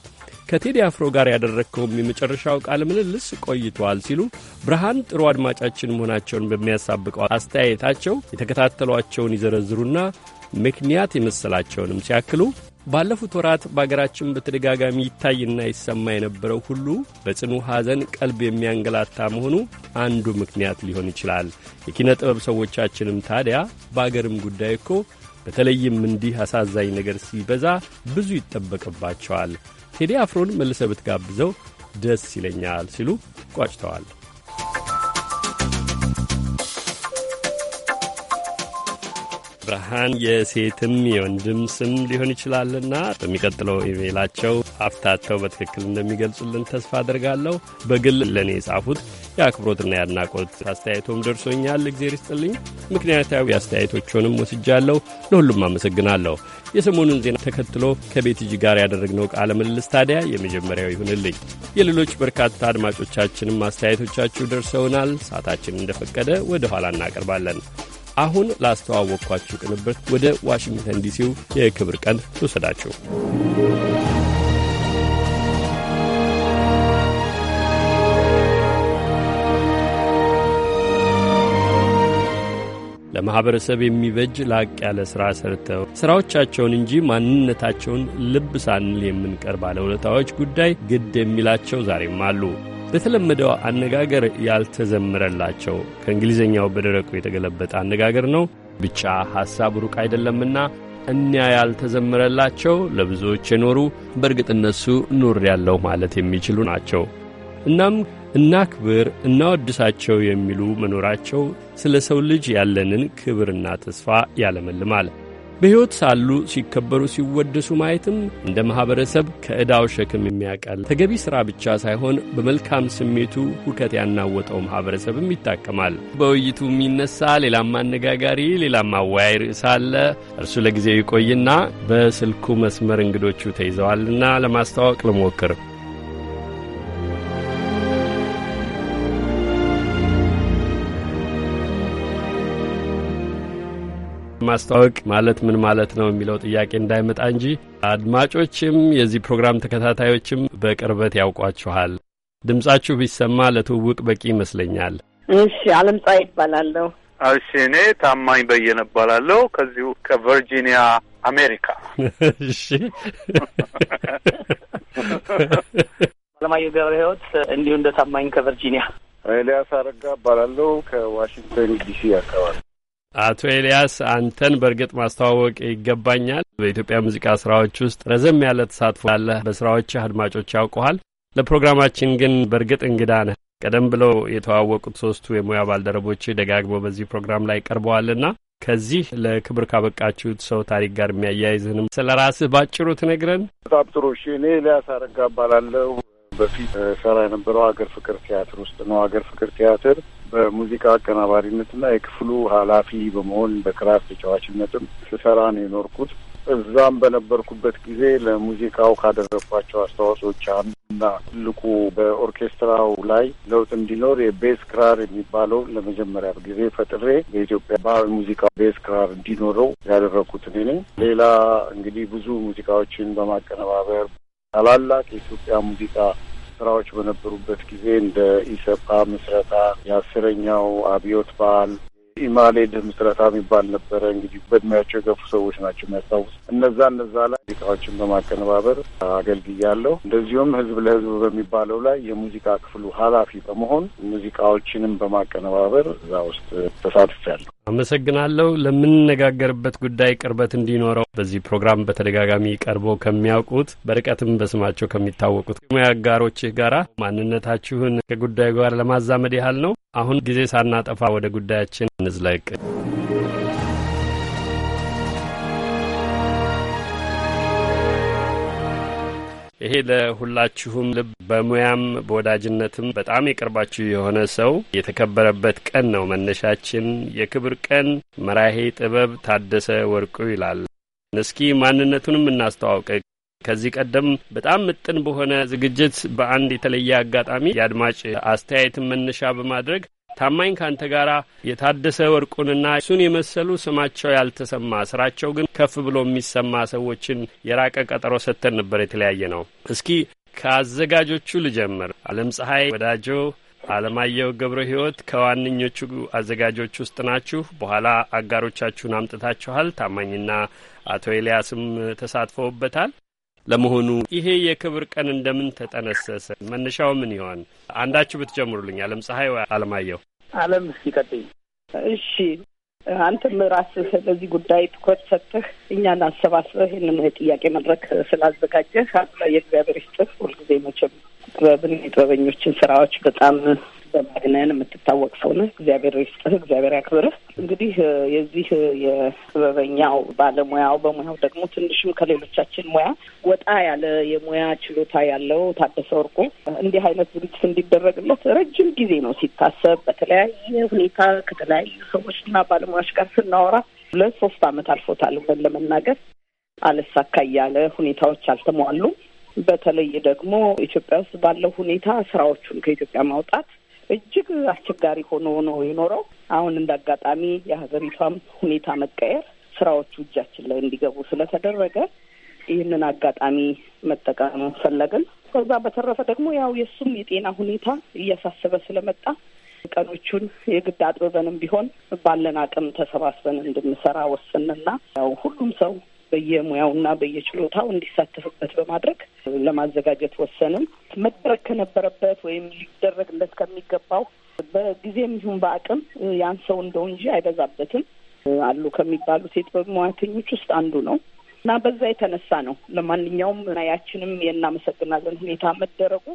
ከቴዲ አፍሮ ጋር ያደረግከውም የመጨረሻው ቃለ ምልልስ ቆይቷል ሲሉ ብርሃን ጥሩ አድማጫችን መሆናቸውን በሚያሳብቀው አስተያየታቸው የተከታተሏቸውን ይዘረዝሩና ምክንያት የመሰላቸውንም ሲያክሉ ባለፉት ወራት በአገራችን በተደጋጋሚ ይታይና ይሰማ የነበረው ሁሉ በጽኑ ሐዘን ቀልብ የሚያንገላታ መሆኑ አንዱ ምክንያት ሊሆን ይችላል። የኪነ ጥበብ ሰዎቻችንም ታዲያ በአገርም ጉዳይ እኮ በተለይም እንዲህ አሳዛኝ ነገር ሲበዛ ብዙ ይጠበቅባቸዋል። ቴዲ አፍሮን መልሰ ብትጋብዘው ደስ ይለኛል ሲሉ ቋጭተዋል። ብርሃን የሴትም የወንድም ስም ሊሆን ይችላልና በሚቀጥለው ኢሜይላቸው አፍታተው በትክክል እንደሚገልጹልን ተስፋ አድርጋለሁ። በግል ለእኔ የጻፉት የአክብሮትና የአድናቆት አስተያየቶም ደርሶኛል። እግዜር ይስጥልኝ። ምክንያታዊ አስተያየቶችንም ወስጃለሁ። ለሁሉም አመሰግናለሁ። የሰሞኑን ዜና ተከትሎ ከቤትጂ ጋር ያደረግነው ቃለ ምልልስ ታዲያ የመጀመሪያው ይሁንልኝ። የሌሎች በርካታ አድማጮቻችንም አስተያየቶቻችሁ ደርሰውናል። ሰዓታችን እንደፈቀደ ወደ ኋላ እናቀርባለን። አሁን ላስተዋወቅኳችሁ ቅንብር ወደ ዋሽንግተን ዲሲው የክብር ቀን ልውሰዳችሁ። ለማኅበረሰብ የሚበጅ ላቅ ያለ ሥራ ሰርተው ሥራዎቻቸውን እንጂ ማንነታቸውን ልብ ሳንል የምንቀር ባለውለታዎች ጉዳይ ግድ የሚላቸው ዛሬም አሉ። በተለመደው አነጋገር ያልተዘምረላቸው ከእንግሊዝኛው በደረቁ የተገለበጠ አነጋገር ነው። ብቻ ሐሳብ ሩቅ አይደለምና እኒያ ያልተዘምረላቸው ለብዙዎች የኖሩ በእርግጥ እነሱ ኑር ያለው ማለት የሚችሉ ናቸው። እናም እናክብር፣ እናወድሳቸው የሚሉ መኖራቸው ስለ ሰው ልጅ ያለንን ክብርና ተስፋ ያለመልማል። በሕይወት ሳሉ ሲከበሩ ሲወደሱ ማየትም እንደ ማኅበረሰብ ከዕዳው ሸክም የሚያቀል ተገቢ ሥራ ብቻ ሳይሆን በመልካም ስሜቱ ሁከት ያናወጠው ማኅበረሰብም ይታከማል። በውይይቱ የሚነሳ ሌላም አነጋጋሪ ሌላም አወያይ ርዕስ አለ። እርሱ ለጊዜው ይቆይና በስልኩ መስመር እንግዶቹ ተይዘዋልና ለማስተዋወቅ ልሞክር። ማስተዋወቅ ማለት ምን ማለት ነው የሚለው ጥያቄ እንዳይመጣ እንጂ አድማጮችም የዚህ ፕሮግራም ተከታታዮችም በቅርበት ያውቋችኋል። ድምጻችሁ ቢሰማ ለትውውቅ በቂ ይመስለኛል። እሺ፣ አለምፀሐይ ይባላለሁ። እሺ፣ እኔ ታማኝ በየነ እባላለሁ ከዚሁ ከቨርጂኒያ አሜሪካ። እሺ፣ አለማየሁ ገብረ ህይወት እንዲሁ እንደ ታማኝ ከቨርጂኒያ። ኤልያስ አረጋ እባላለሁ ከዋሽንግተን ዲሲ አካባቢ አቶ ኤልያስ አንተን በእርግጥ ማስተዋወቅ ይገባኛል። በኢትዮጵያ ሙዚቃ ስራዎች ውስጥ ረዘም ያለ ተሳትፎ ያለ በስራዎች አድማጮች ያውቀሃል። ለፕሮግራማችን ግን በእርግጥ እንግዳ ነህ። ቀደም ብለው የተዋወቁት ሶስቱ የሙያ ባልደረቦች ደጋግሞ በዚህ ፕሮግራም ላይ ቀርበዋልና ከዚህ ለክብር ካበቃችሁት ሰው ታሪክ ጋር የሚያያይዝህንም ስለ ራስህ ባጭሩ ትነግረን። በጣም ጥሩ። እሺ፣ እኔ ኤልያስ አረጋ እባላለሁ። በፊት ሰራ የነበረው ሀገር ፍቅር ቲያትር ውስጥ ነው። ሀገር ፍቅር ቲያትር በሙዚቃ አቀናባሪነትና የክፍሉ ኃላፊ በመሆን በክራር ተጫዋችነትም ስሰራ ነው የኖርኩት። እዛም በነበርኩበት ጊዜ ለሙዚቃው ካደረግኳቸው አስተዋጽኦች አንዱና ትልቁ በኦርኬስትራው ላይ ለውጥ እንዲኖር የቤዝ ክራር የሚባለው ለመጀመሪያ ጊዜ ፈጥሬ በኢትዮጵያ ባህል ሙዚቃ ቤዝ ክራር እንዲኖረው ያደረግኩት እኔ ነኝ። ሌላ እንግዲህ ብዙ ሙዚቃዎችን በማቀነባበር ታላላቅ የኢትዮጵያ ሙዚቃ ስራዎች በነበሩበት ጊዜ እንደ ኢሰፓ ምስረታ፣ የአስረኛው አብዮት በዓል ኢማሌድ ምስረታ የሚባል ነበረ። እንግዲህ በእድሜያቸው የገፉ ሰዎች ናቸው የሚያስታውሱ። እነዛ እነዛ ላይ ሙዚቃዎችን በማቀነባበር አገልግያለሁ። እንደዚሁም ህዝብ ለህዝብ በሚባለው ላይ የሙዚቃ ክፍሉ ኃላፊ በመሆን ሙዚቃዎችንም በማቀነባበር እዛ ውስጥ ተሳትፌያለሁ። አመሰግናለሁ። ለምንነጋገርበት ጉዳይ ቅርበት እንዲኖረው በዚህ ፕሮግራም በተደጋጋሚ ቀርቦ ከሚያውቁት በርቀትም በስማቸው ከሚታወቁት ሙያ አጋሮችህ ጋር ማንነታችሁን ከጉዳዩ ጋር ለማዛመድ ያህል ነው። አሁን ጊዜ ሳናጠፋ ወደ ጉዳያችን እንዝለቅ። ይሄ ለሁላችሁም ልብ በሙያም በወዳጅነትም በጣም የቅርባችሁ የሆነ ሰው የተከበረበት ቀን ነው። መነሻችን የክብር ቀን መራሄ ጥበብ ታደሰ ወርቁ ይላል። እስኪ ማንነቱንም እናስተዋውቅ። ከዚህ ቀደም በጣም ምጥን በሆነ ዝግጅት በአንድ የተለየ አጋጣሚ የአድማጭ አስተያየትን መነሻ በማድረግ ታማኝ ካንተ ጋራ የታደሰ ወርቁንና እሱን የመሰሉ ስማቸው ያልተሰማ ስራቸው ግን ከፍ ብሎ የሚሰማ ሰዎችን የራቀ ቀጠሮ ሰጥተን ነበር። የተለያየ ነው። እስኪ ከአዘጋጆቹ ልጀምር። አለም ፀሐይ ወዳጆ፣ አለማየሁ ገብረ ህይወት ከዋነኞቹ አዘጋጆች ውስጥ ናችሁ። በኋላ አጋሮቻችሁን አምጥታችኋል። ታማኝና አቶ ኤልያስም ተሳትፈውበታል። ለመሆኑ ይሄ የክብር ቀን እንደምን ተጠነሰሰ? መነሻው ምን ይሆን? አንዳችሁ ብትጀምሩልኝ። አለም ፀሐይ ወይ አለማየሁ? አለም እስኪ እሺ አንተም ራስህ ለዚህ ጉዳይ ትኩረት ሰጥተህ እኛን አሰባስበህ ይህንን ጥያቄ መድረክ ስላዘጋጀህ አላ የእግዚአብሔር ይስጥህ። ሁልጊዜ መቼም ጥበብን የጥበበኞችን ስራዎች በጣም በማግነን የምትታወቅ ሰው ነህ። እግዚአብሔር ይስጥህ፣ እግዚአብሔር ያክብርህ። እንግዲህ የዚህ የጥበበኛው ባለሙያው በሙያው ደግሞ ትንሽም ከሌሎቻችን ሙያ ወጣ ያለ የሙያ ችሎታ ያለው ታደሰ ወርቁ እንዲህ አይነት ዝግጅት እንዲደረግለት ረጅም ጊዜ ነው ሲታሰብ። በተለያየ ሁኔታ ከተለያዩ ሰዎችና ባለሙያዎች ጋር ስናወራ ሁለት ሶስት አመት አልፎታል ለመናገር አለሳካ እያለ ሁኔታዎች አልተሟሉም። በተለይ ደግሞ ኢትዮጵያ ውስጥ ባለው ሁኔታ ስራዎቹን ከኢትዮጵያ ማውጣት እጅግ አስቸጋሪ ሆኖ ነው የኖረው። አሁን እንደ አጋጣሚ የሀገሪቷም ሁኔታ መቀየር ስራዎቹ እጃችን ላይ እንዲገቡ ስለተደረገ ይህንን አጋጣሚ መጠቀም ፈለግን። ከዛ በተረፈ ደግሞ ያው የእሱም የጤና ሁኔታ እያሳሰበ ስለመጣ ቀኖቹን የግድ አጥብበንም ቢሆን ባለን አቅም ተሰባስበን እንድንሰራ ወስንና ያው ሁሉም ሰው በየሙያውና በየችሎታው እንዲሳተፍበት በማድረግ ለማዘጋጀት ወሰንም። መደረግ ከነበረበት ወይም ሊደረግለት ከሚገባው በጊዜም ይሁን በአቅም ያን ሰው እንደው እንጂ አይበዛበትም አሉ ከሚባሉት ሴት በሙያተኞች ውስጥ አንዱ ነው እና በዛ የተነሳ ነው። ለማንኛውም ናያችንም የእናመሰግናለን ሁኔታ መደረጉ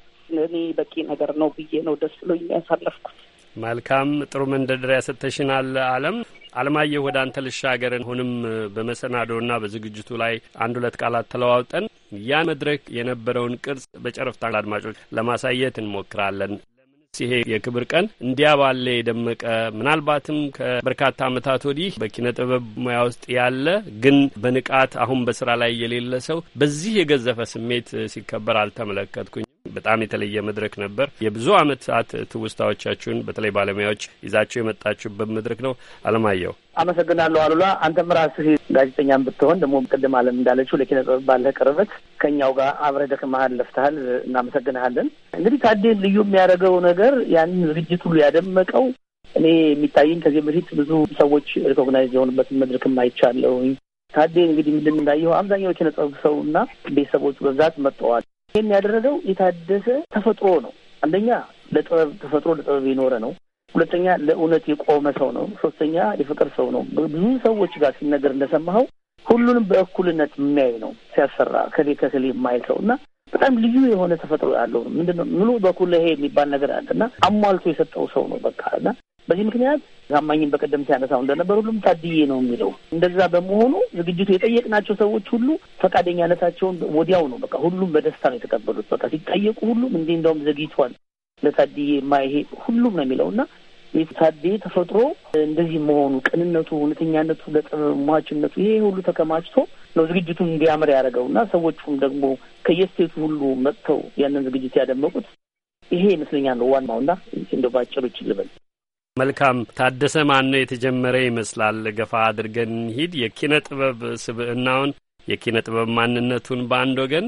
እኔ በቂ ነገር ነው ብዬ ነው ደስ ብሎ የሚያሳለፍኩት። መልካም ጥሩ መንደርደሪያ ሰጥተሽናል። አለም አለማየሁ፣ ወደ አንተ ልሻገር። አሁንም በመሰናዶና በዝግጅቱ ላይ አንድ ሁለት ቃላት ተለዋውጠን ያ መድረክ የነበረውን ቅርጽ በጨረፍታ አድማጮች ለማሳየት እንሞክራለን። ይሄ የክብር ቀን እንዲያ ባለ የደመቀ ምናልባትም ከበርካታ ዓመታት ወዲህ በኪነ ጥበብ ሙያ ውስጥ ያለ ግን በንቃት አሁን በስራ ላይ የሌለ ሰው በዚህ የገዘፈ ስሜት ሲከበር አልተመለከትኩኝ። በጣም የተለየ መድረክ ነበር። የብዙ ዓመታት ትውስታዎቻችሁን በተለይ ባለሙያዎች ይዛችሁ የመጣችሁበት መድረክ ነው። አለማየሁ አመሰግናለሁ። አሉላ አንተም ራስህ ጋዜጠኛም ብትሆን ደግሞ ቅድም አለም እንዳለችው ለኪነ ጥበብ ባለህ ቅርበት ከኛው ጋር አብረህ ደክመሃል፣ ለፍተሃል። እናመሰግንሃለን። እንግዲህ ታዴን ልዩ የሚያደርገው ነገር ያንን ዝግጅት ሁሉ ያደመቀው እኔ የሚታየኝ ከዚህ በፊት ብዙ ሰዎች ሪኮግናይዝ የሆኑበትን መድረክም አይቻለሁ። ታዴ እንግዲህ ምንድን እንዳየው አብዛኛው የኪነ ጥበብ ሰው እና ቤተሰቦቹ በብዛት መጥተዋል። ይህን ያደረገው የታደሰ ተፈጥሮ ነው። አንደኛ ለጥበብ ተፈጥሮ ለጥበብ የኖረ ነው። ሁለተኛ ለእውነት የቆመ ሰው ነው። ሶስተኛ የፍቅር ሰው ነው። ብዙ ሰዎች ጋር ሲነገር እንደሰማኸው ሁሉንም በእኩልነት የሚያይ ነው። ሲያሰራ ከሌ ከሌ የማይል ሰው እና በጣም ልዩ የሆነ ተፈጥሮ ያለው ነው። ምንድነው ምሉ በኩል ይሄ የሚባል ነገር አለ እና አሟልቶ የሰጠው ሰው ነው በቃ እና በዚህ ምክንያት ታማኝን በቀደም ሲያነሳው እንደነበር ሁሉም ታድዬ ነው የሚለው። እንደዛ በመሆኑ ዝግጅቱ የጠየቅናቸው ሰዎች ሁሉ ፈቃደኛነታቸውን ወዲያው ነው በቃ ሁሉም በደስታ ነው የተቀበሉት። በቃ ሲጠየቁ ሁሉም እንዲህ እንደውም ዘግይቷል ለታድዬ ማይሄ ሁሉም ነው የሚለው እና የታዴ ተፈጥሮ እንደዚህ መሆኑ ቅንነቱ፣ እውነተኛነቱ፣ ለጥሟችነቱ ይሄ ሁሉ ተከማችቶ ነው ዝግጅቱን እንዲያምር ያደረገው እና ሰዎቹም ደግሞ ከየስቴቱ ሁሉ መጥተው ያንን ዝግጅት ያደመቁት ይሄ ይመስለኛል ነው ዋናው እና እንደ ባጭሩ ይችልበል መልካም ታደሰ ማን ነው የተጀመረ ይመስላል። ገፋ አድርገን ሂድ። የኪነ ጥበብ ስብዕናውን የኪነ ጥበብ ማንነቱን በአንድ ወገን፣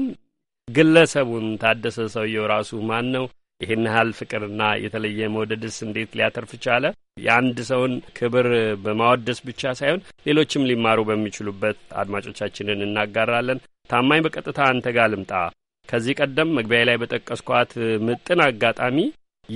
ግለሰቡን ታደሰ ሰውየው ራሱ ማን ነው? ይህን ያህል ፍቅርና የተለየ መውደድስ እንዴት ሊያተርፍ ቻለ? የአንድ ሰውን ክብር በማወደስ ብቻ ሳይሆን ሌሎችም ሊማሩ በሚችሉበት አድማጮቻችንን እናጋራለን። ታማኝ፣ በቀጥታ አንተ ጋር ልምጣ። ከዚህ ቀደም መግቢያ ላይ በጠቀስኳት ምጥን አጋጣሚ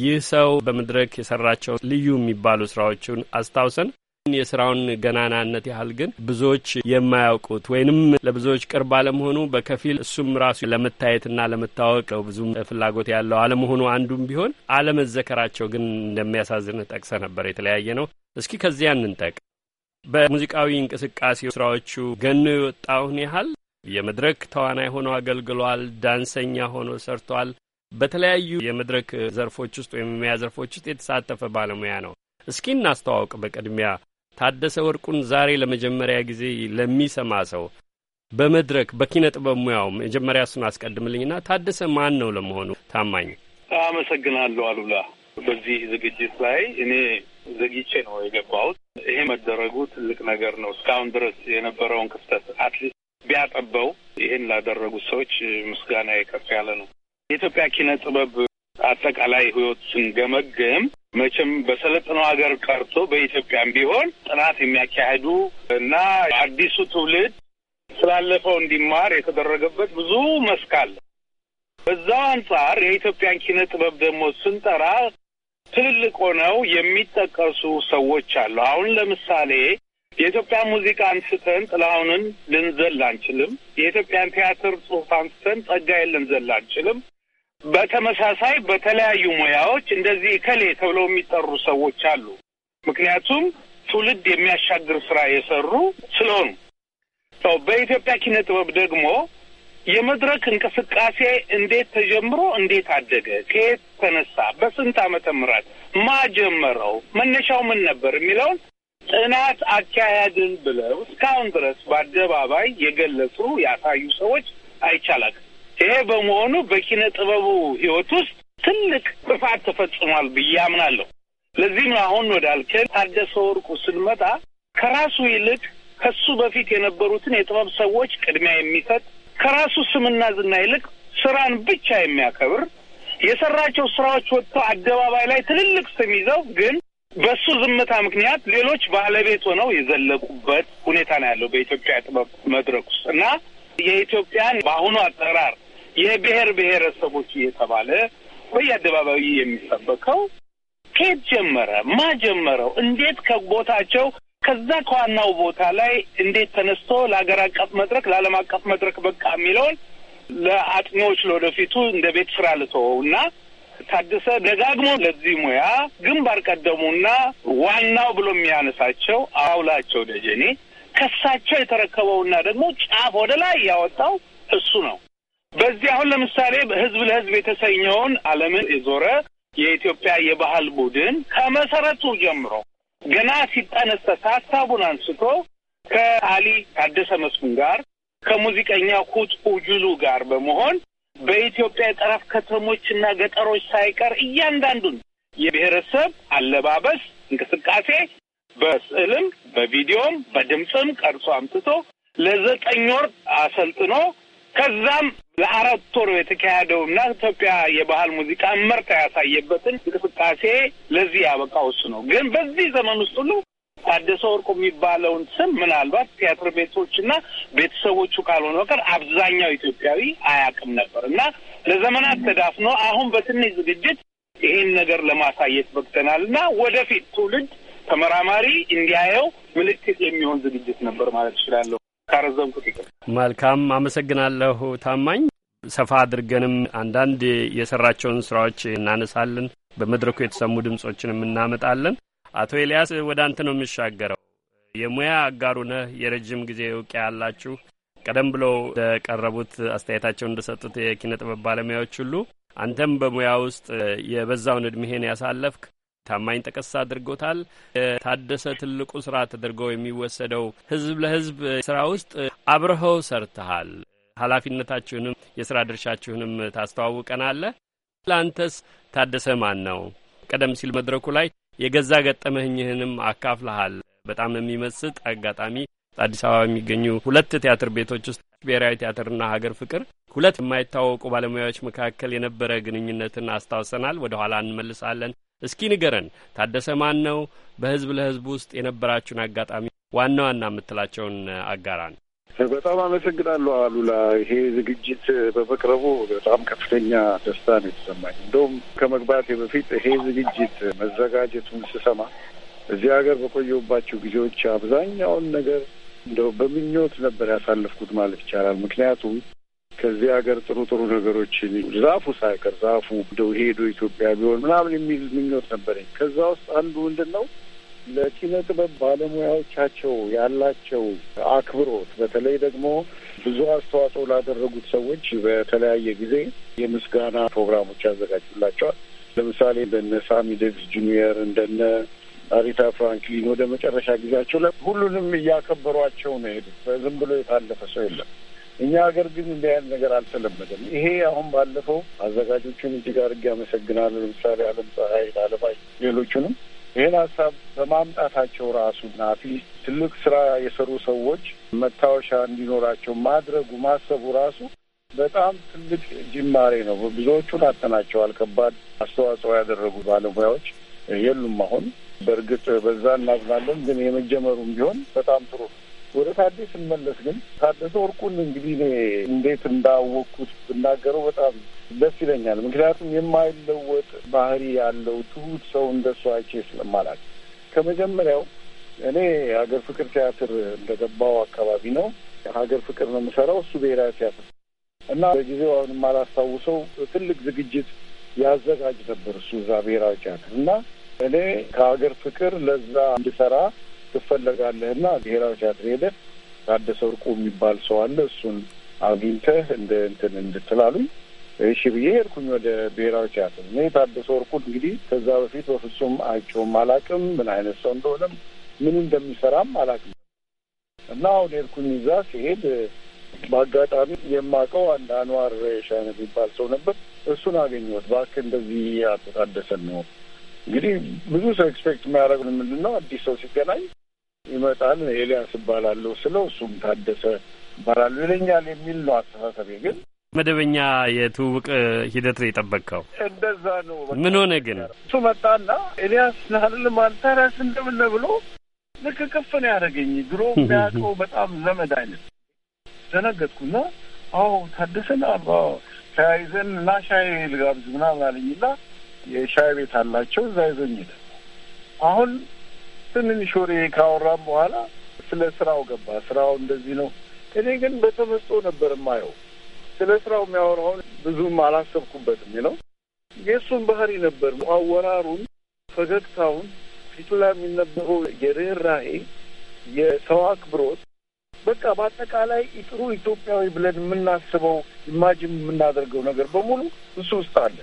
ይህ ሰው በመድረክ የሰራቸው ልዩ የሚባሉ ስራዎቹን አስታውሰን የስራውን ገናናነት ያህል ግን ብዙዎች የማያውቁት ወይንም ለብዙዎች ቅርብ አለመሆኑ በከፊል እሱም ራሱ ለመታየትና ለመታወቅ ብዙም ፍላጎት ያለው አለመሆኑ አንዱም ቢሆን አለመዘከራቸው ግን እንደሚያሳዝን ጠቅሰ ነበር። የተለያየ ነው። እስኪ ከዚያ እንንጠቅ። በሙዚቃዊ እንቅስቃሴ ስራዎቹ ገኖ የወጣውን ያህል የመድረክ ተዋናይ ሆኖ አገልግሏል። ዳንሰኛ ሆኖ ሰርቷል። በተለያዩ የመድረክ ዘርፎች ውስጥ ወይም ሙያ ዘርፎች ውስጥ የተሳተፈ ባለሙያ ነው። እስኪ እናስተዋውቅ በቅድሚያ ታደሰ ወርቁን ዛሬ ለመጀመሪያ ጊዜ ለሚሰማ ሰው በመድረክ በኪነ ጥበብ ሙያው መጀመሪያ እሱን አስቀድምልኝና ታደሰ ማን ነው ለመሆኑ? ታማኝ አመሰግናለሁ አሉላ። በዚህ ዝግጅት ላይ እኔ ዘግይቼ ነው የገባሁት። ይሄ መደረጉ ትልቅ ነገር ነው። እስካሁን ድረስ የነበረውን ክፍተት አትሊስት ቢያጠበው ይሄን ላደረጉት ሰዎች ምስጋና ከፍ ያለ ነው። የኢትዮጵያ ኪነ ጥበብ አጠቃላይ ህይወት ስንገመግም መቼም በሰለጥነው ሀገር ቀርቶ በኢትዮጵያም ቢሆን ጥናት የሚያካሄዱ እና አዲሱ ትውልድ ስላለፈው እንዲማር የተደረገበት ብዙ መስክ አለ። በዛው አንጻር የኢትዮጵያን ኪነ ጥበብ ደግሞ ስንጠራ ትልልቅ ሆነው የሚጠቀሱ ሰዎች አሉ። አሁን ለምሳሌ የኢትዮጵያ ሙዚቃ አንስተን ጥላሁንን ልንዘል አንችልም። የኢትዮጵያን ቲያትር ጽሁፍ አንስተን ጸጋዬን ልንዘል አንችልም። በተመሳሳይ በተለያዩ ሙያዎች እንደዚህ እከሌ ተብለው የሚጠሩ ሰዎች አሉ። ምክንያቱም ትውልድ የሚያሻግር ስራ የሰሩ ስለሆኑ። በኢትዮጵያ ኪነ ጥበብ ደግሞ የመድረክ እንቅስቃሴ እንዴት ተጀምሮ እንዴት አደገ፣ ከየት ተነሳ፣ በስንት ዓመተ ምህረት ማጀመረው፣ መነሻው ምን ነበር የሚለውን ጥናት አካሄድን ብለው እስካሁን ድረስ በአደባባይ የገለጹ ያሳዩ ሰዎች አይቻላል። ይሄ በመሆኑ በኪነ ጥበቡ ህይወት ውስጥ ትልቅ ጥፋት ተፈጽሟል ብዬ አምናለሁ። ለዚህም አሁን ወደ ታደሰ ወርቁ ስንመጣ ከራሱ ይልቅ ከሱ በፊት የነበሩትን የጥበብ ሰዎች ቅድሚያ የሚሰጥ ከራሱ ስምና ዝና ይልቅ ስራን ብቻ የሚያከብር የሰራቸው ስራዎች ወጥቶ አደባባይ ላይ ትልልቅ ስም ይዘው ግን በሱ ዝምታ ምክንያት ሌሎች ባለቤት ሆነው የዘለቁበት ሁኔታ ነው ያለው በኢትዮጵያ ጥበብ መድረክ ውስጥ እና የኢትዮጵያን በአሁኑ አጠራር የብሔር ብሔረሰቦች እየተባለ በየአደባባዩ የሚሰበከው ከየት ጀመረ? ማ ጀመረው? እንዴት ከቦታቸው ከዛ ከዋናው ቦታ ላይ እንዴት ተነስቶ ለሀገር አቀፍ መድረክ ለዓለም አቀፍ መድረክ በቃ የሚለውን ለአጥኚዎች ለወደፊቱ እንደ ቤት ስራ ልተወው እና ታደሰ ደጋግሞ ለዚህ ሙያ ግንባር ቀደሙና ዋናው ብሎ የሚያነሳቸው አውላቸው ደጀኔ ከሳቸው የተረከበውና ደግሞ ጫፍ ወደ ላይ ያወጣው እሱ ነው። በዚህ አሁን ለምሳሌ ህዝብ ለህዝብ የተሰኘውን ዓለምን የዞረ የኢትዮጵያ የባህል ቡድን ከመሰረቱ ጀምሮ ገና ሲጠነሰስ ሀሳቡን አንስቶ ከአሊ ታደሰ መስፍን ጋር ከሙዚቀኛ ኩት ኡጁሉ ጋር በመሆን በኢትዮጵያ የጠረፍ ከተሞች እና ገጠሮች ሳይቀር እያንዳንዱን የብሔረሰብ አለባበስ፣ እንቅስቃሴ በስዕልም በቪዲዮም በድምፅም ቀርጾ አምጥቶ ለዘጠኝ ወር አሰልጥኖ ከዛም ለአራት ወር የተካሄደው እና ኢትዮጵያ የባህል ሙዚቃ መርታ ያሳየበትን እንቅስቃሴ ለዚህ ያበቃው እሱ ነው። ግን በዚህ ዘመን ውስጥ ሁሉ ታደሰ ወርቁ የሚባለውን ስም ምናልባት ቲያትር እና ቤተሰቦቹ ካልሆነ በቀር አብዛኛው ኢትዮጵያዊ አያውቅም ነበር እና ለዘመናት ተዳፍኖ አሁን በትንሽ ዝግጅት ይህን ነገር ለማሳየት በቅተናል እና ወደፊት ትውልድ ተመራማሪ እንዲያየው ምልክት የሚሆን ዝግጅት ነበር ማለት እችላለሁ። ካረዘምኩት ይቅር። መልካም አመሰግናለሁ ታማኝ። ሰፋ አድርገንም አንዳንድ የሰራቸውን ስራዎች እናነሳለን። በመድረኩ የተሰሙ ድምጾችንም እናመጣለን። አቶ ኤልያስ ወደ አንተ ነው የምሻገረው። የሙያ አጋሩ ነህ፣ የረጅም ጊዜ እውቅ ያላችሁ ቀደም ብሎ ለቀረቡት አስተያየታቸው እንደሰጡት የኪነ ጥበብ ባለሙያዎች ሁሉ አንተም በሙያ ውስጥ የበዛውን እድሜህን ያሳለፍክ ታማኝ ጠቀስ አድርጎታል። የታደሰ ትልቁ ስራ ተደርጎ የሚወሰደው ህዝብ ለህዝብ ስራ ውስጥ አብረኸው ሰርተሃል። ኃላፊነታችሁንም የስራ ድርሻችሁንም ታስተዋውቀናለህ። ለአንተስ ታደሰ ማን ነው? ቀደም ሲል መድረኩ ላይ የገዛ ገጠመህኝህንም አካፍልሃል። በጣም የሚመስጥ አጋጣሚ አዲስ አበባ የሚገኙ ሁለት ቲያትር ቤቶች ውስጥ ብሔራዊ ቲያትርና ሀገር ፍቅር ሁለት የማይታወቁ ባለሙያዎች መካከል የነበረ ግንኙነትን አስታውሰናል። ወደ ኋላ እንመልሳለን። እስኪ ንገረን ታደሰ ማን ነው? በህዝብ ለህዝብ ውስጥ የነበራችሁን አጋጣሚ ዋና ዋና የምትላቸውን አጋራን። በጣም አመሰግናለሁ አሉላ። ይሄ ዝግጅት በመቅረቡ በጣም ከፍተኛ ደስታ ነው የተሰማኝ። እንደውም ከመግባቴ በፊት ይሄ ዝግጅት መዘጋጀቱን ስሰማ እዚህ ሀገር በቆየሁባቸው ጊዜዎች አብዛኛውን ነገር እንደው በምኞት ነበር ያሳለፍኩት ማለት ይቻላል። ምክንያቱም ከዚህ ሀገር ጥሩ ጥሩ ነገሮችን ዛፉ ሳይቀር ዛፉ እንደው ሄዶ ኢትዮጵያ ቢሆን ምናምን የሚል ምኞት ነበረኝ። ከዛ ውስጥ አንዱ ምንድን ነው ለኪነ ጥበብ ባለሙያዎቻቸው ያላቸው አክብሮት፣ በተለይ ደግሞ ብዙ አስተዋጽኦ ላደረጉት ሰዎች በተለያየ ጊዜ የምስጋና ፕሮግራሞች ያዘጋጁላቸዋል። ለምሳሌ እንደነ ሳሚ ዴቪስ ጁኒየር እንደነ አሪታ ፍራንክሊን ወደ መጨረሻ ጊዜያቸው ሁሉንም እያከበሯቸው ነው የሄዱት። ዝም ብሎ የታለፈ ሰው የለም። እኛ ሀገር ግን እንዲህ አይነት ነገር አልተለመደም። ይሄ አሁን ባለፈው አዘጋጆቹን እጅግ አድርጌ አመሰግናለሁ። ለምሳሌ አለም ፀሐይ፣ አለማይ ሌሎቹንም ይህን ሀሳብ በማምጣታቸው ራሱ አትሊስት ትልቅ ስራ የሰሩ ሰዎች መታወሻ እንዲኖራቸው ማድረጉ ማሰቡ ራሱ በጣም ትልቅ ጅማሬ ነው። ብዙዎቹን አጥተናቸዋል። ከባድ አስተዋጽኦ ያደረጉ ባለሙያዎች የሉም አሁን። በእርግጥ በዛ እናዝናለን፣ ግን የመጀመሩም ቢሆን በጣም ጥሩ ነው። ወደ ታዴ ስመለስ ግን ታደሰ ወርቁን እንግዲህ እኔ እንዴት እንዳወቅኩት ብናገረው በጣም ደስ ይለኛል። ምክንያቱም የማይለወጥ ባህሪ ያለው ትሁት ሰው እንደሱ አይቼ ስለማላውቅ ከመጀመሪያው እኔ ሀገር ፍቅር ቲያትር እንደገባው አካባቢ ነው። ሀገር ፍቅር ነው የምሰራው፣ እሱ ብሔራዊ ቲያትር እና በጊዜው አሁን የማላስታውሰው ትልቅ ዝግጅት ያዘጋጅ ነበር እሱ እዛ ብሔራዊ ቲያትር እና እኔ ከሀገር ፍቅር ለዛ እንድሰራ ትፈለጋለህ እና ብሔራዊ ቲያትር ሄደ ታደሰ ወርቁ የሚባል ሰው አለ እሱን አግኝተህ እንደ እንትን እንድትላሉኝ እሺ ብዬ ሄድኩኝ ወደ ብሔራዊ ቲያትር። እኔ ታደሰ ወርቁ እንግዲህ ከዛ በፊት በፍጹም አይቼውም አላቅም ምን አይነት ሰው እንደሆነም ምን እንደሚሰራም አላቅም። እና አሁን ሄድኩኝ። እዛ ሲሄድ በአጋጣሚ የማውቀው አንድ አንዋር ሻይን የሚባል ሰው ነበር። እሱን አገኘሁት። እባክህ እንደዚህ አቶ ታደሰን ነው እንግዲህ ብዙ ሰው ኤክስፔክት የሚያደርግ ምንድን ነው አዲስ ሰው ሲገናኝ ይመጣል። ኤልያስ እባላለሁ ስለው እሱም ታደሰ ይባላሉ ይለኛል የሚል ነው አስተሳሰቤ። ግን መደበኛ የትውውቅ ሂደት ነው የጠበቅከው? እንደዛ ነው። ምን ሆነ ግን? እሱ መጣና ኤልያስ ነህ ማለት አንተ ራስህ እንደምን ነህ ብሎ ልክ ክፍ ነው ያደረገኝ። ድሮ የሚያውቀው በጣም ዘመድ አይነት ደነገጥኩና፣ አዎ ታደሰን አባ ተያይዘን እና ሻይ ልጋብዝ ምናምን አለኝና የሻይ ቤት አላቸው እዛ ይዘኝ ሄደ። አሁን ትንንሽ ወሬ ካወራም በኋላ ስለ ስራው ገባ። ስራው እንደዚህ ነው። እኔ ግን በተመስጦ ነበር የማየው። ስለ ስራው የሚያወራውን ብዙም አላሰብኩበትም ነው የእሱን ባህሪ ነበር አወራሩን፣ ፈገግታውን፣ ፊቱ ላይ የሚነበረው የርኅራሄ የሰው አክብሮት በቃ በአጠቃላይ ጥሩ ኢትዮጵያዊ ብለን የምናስበው ኢማጅን የምናደርገው ነገር በሙሉ እሱ ውስጥ አለ።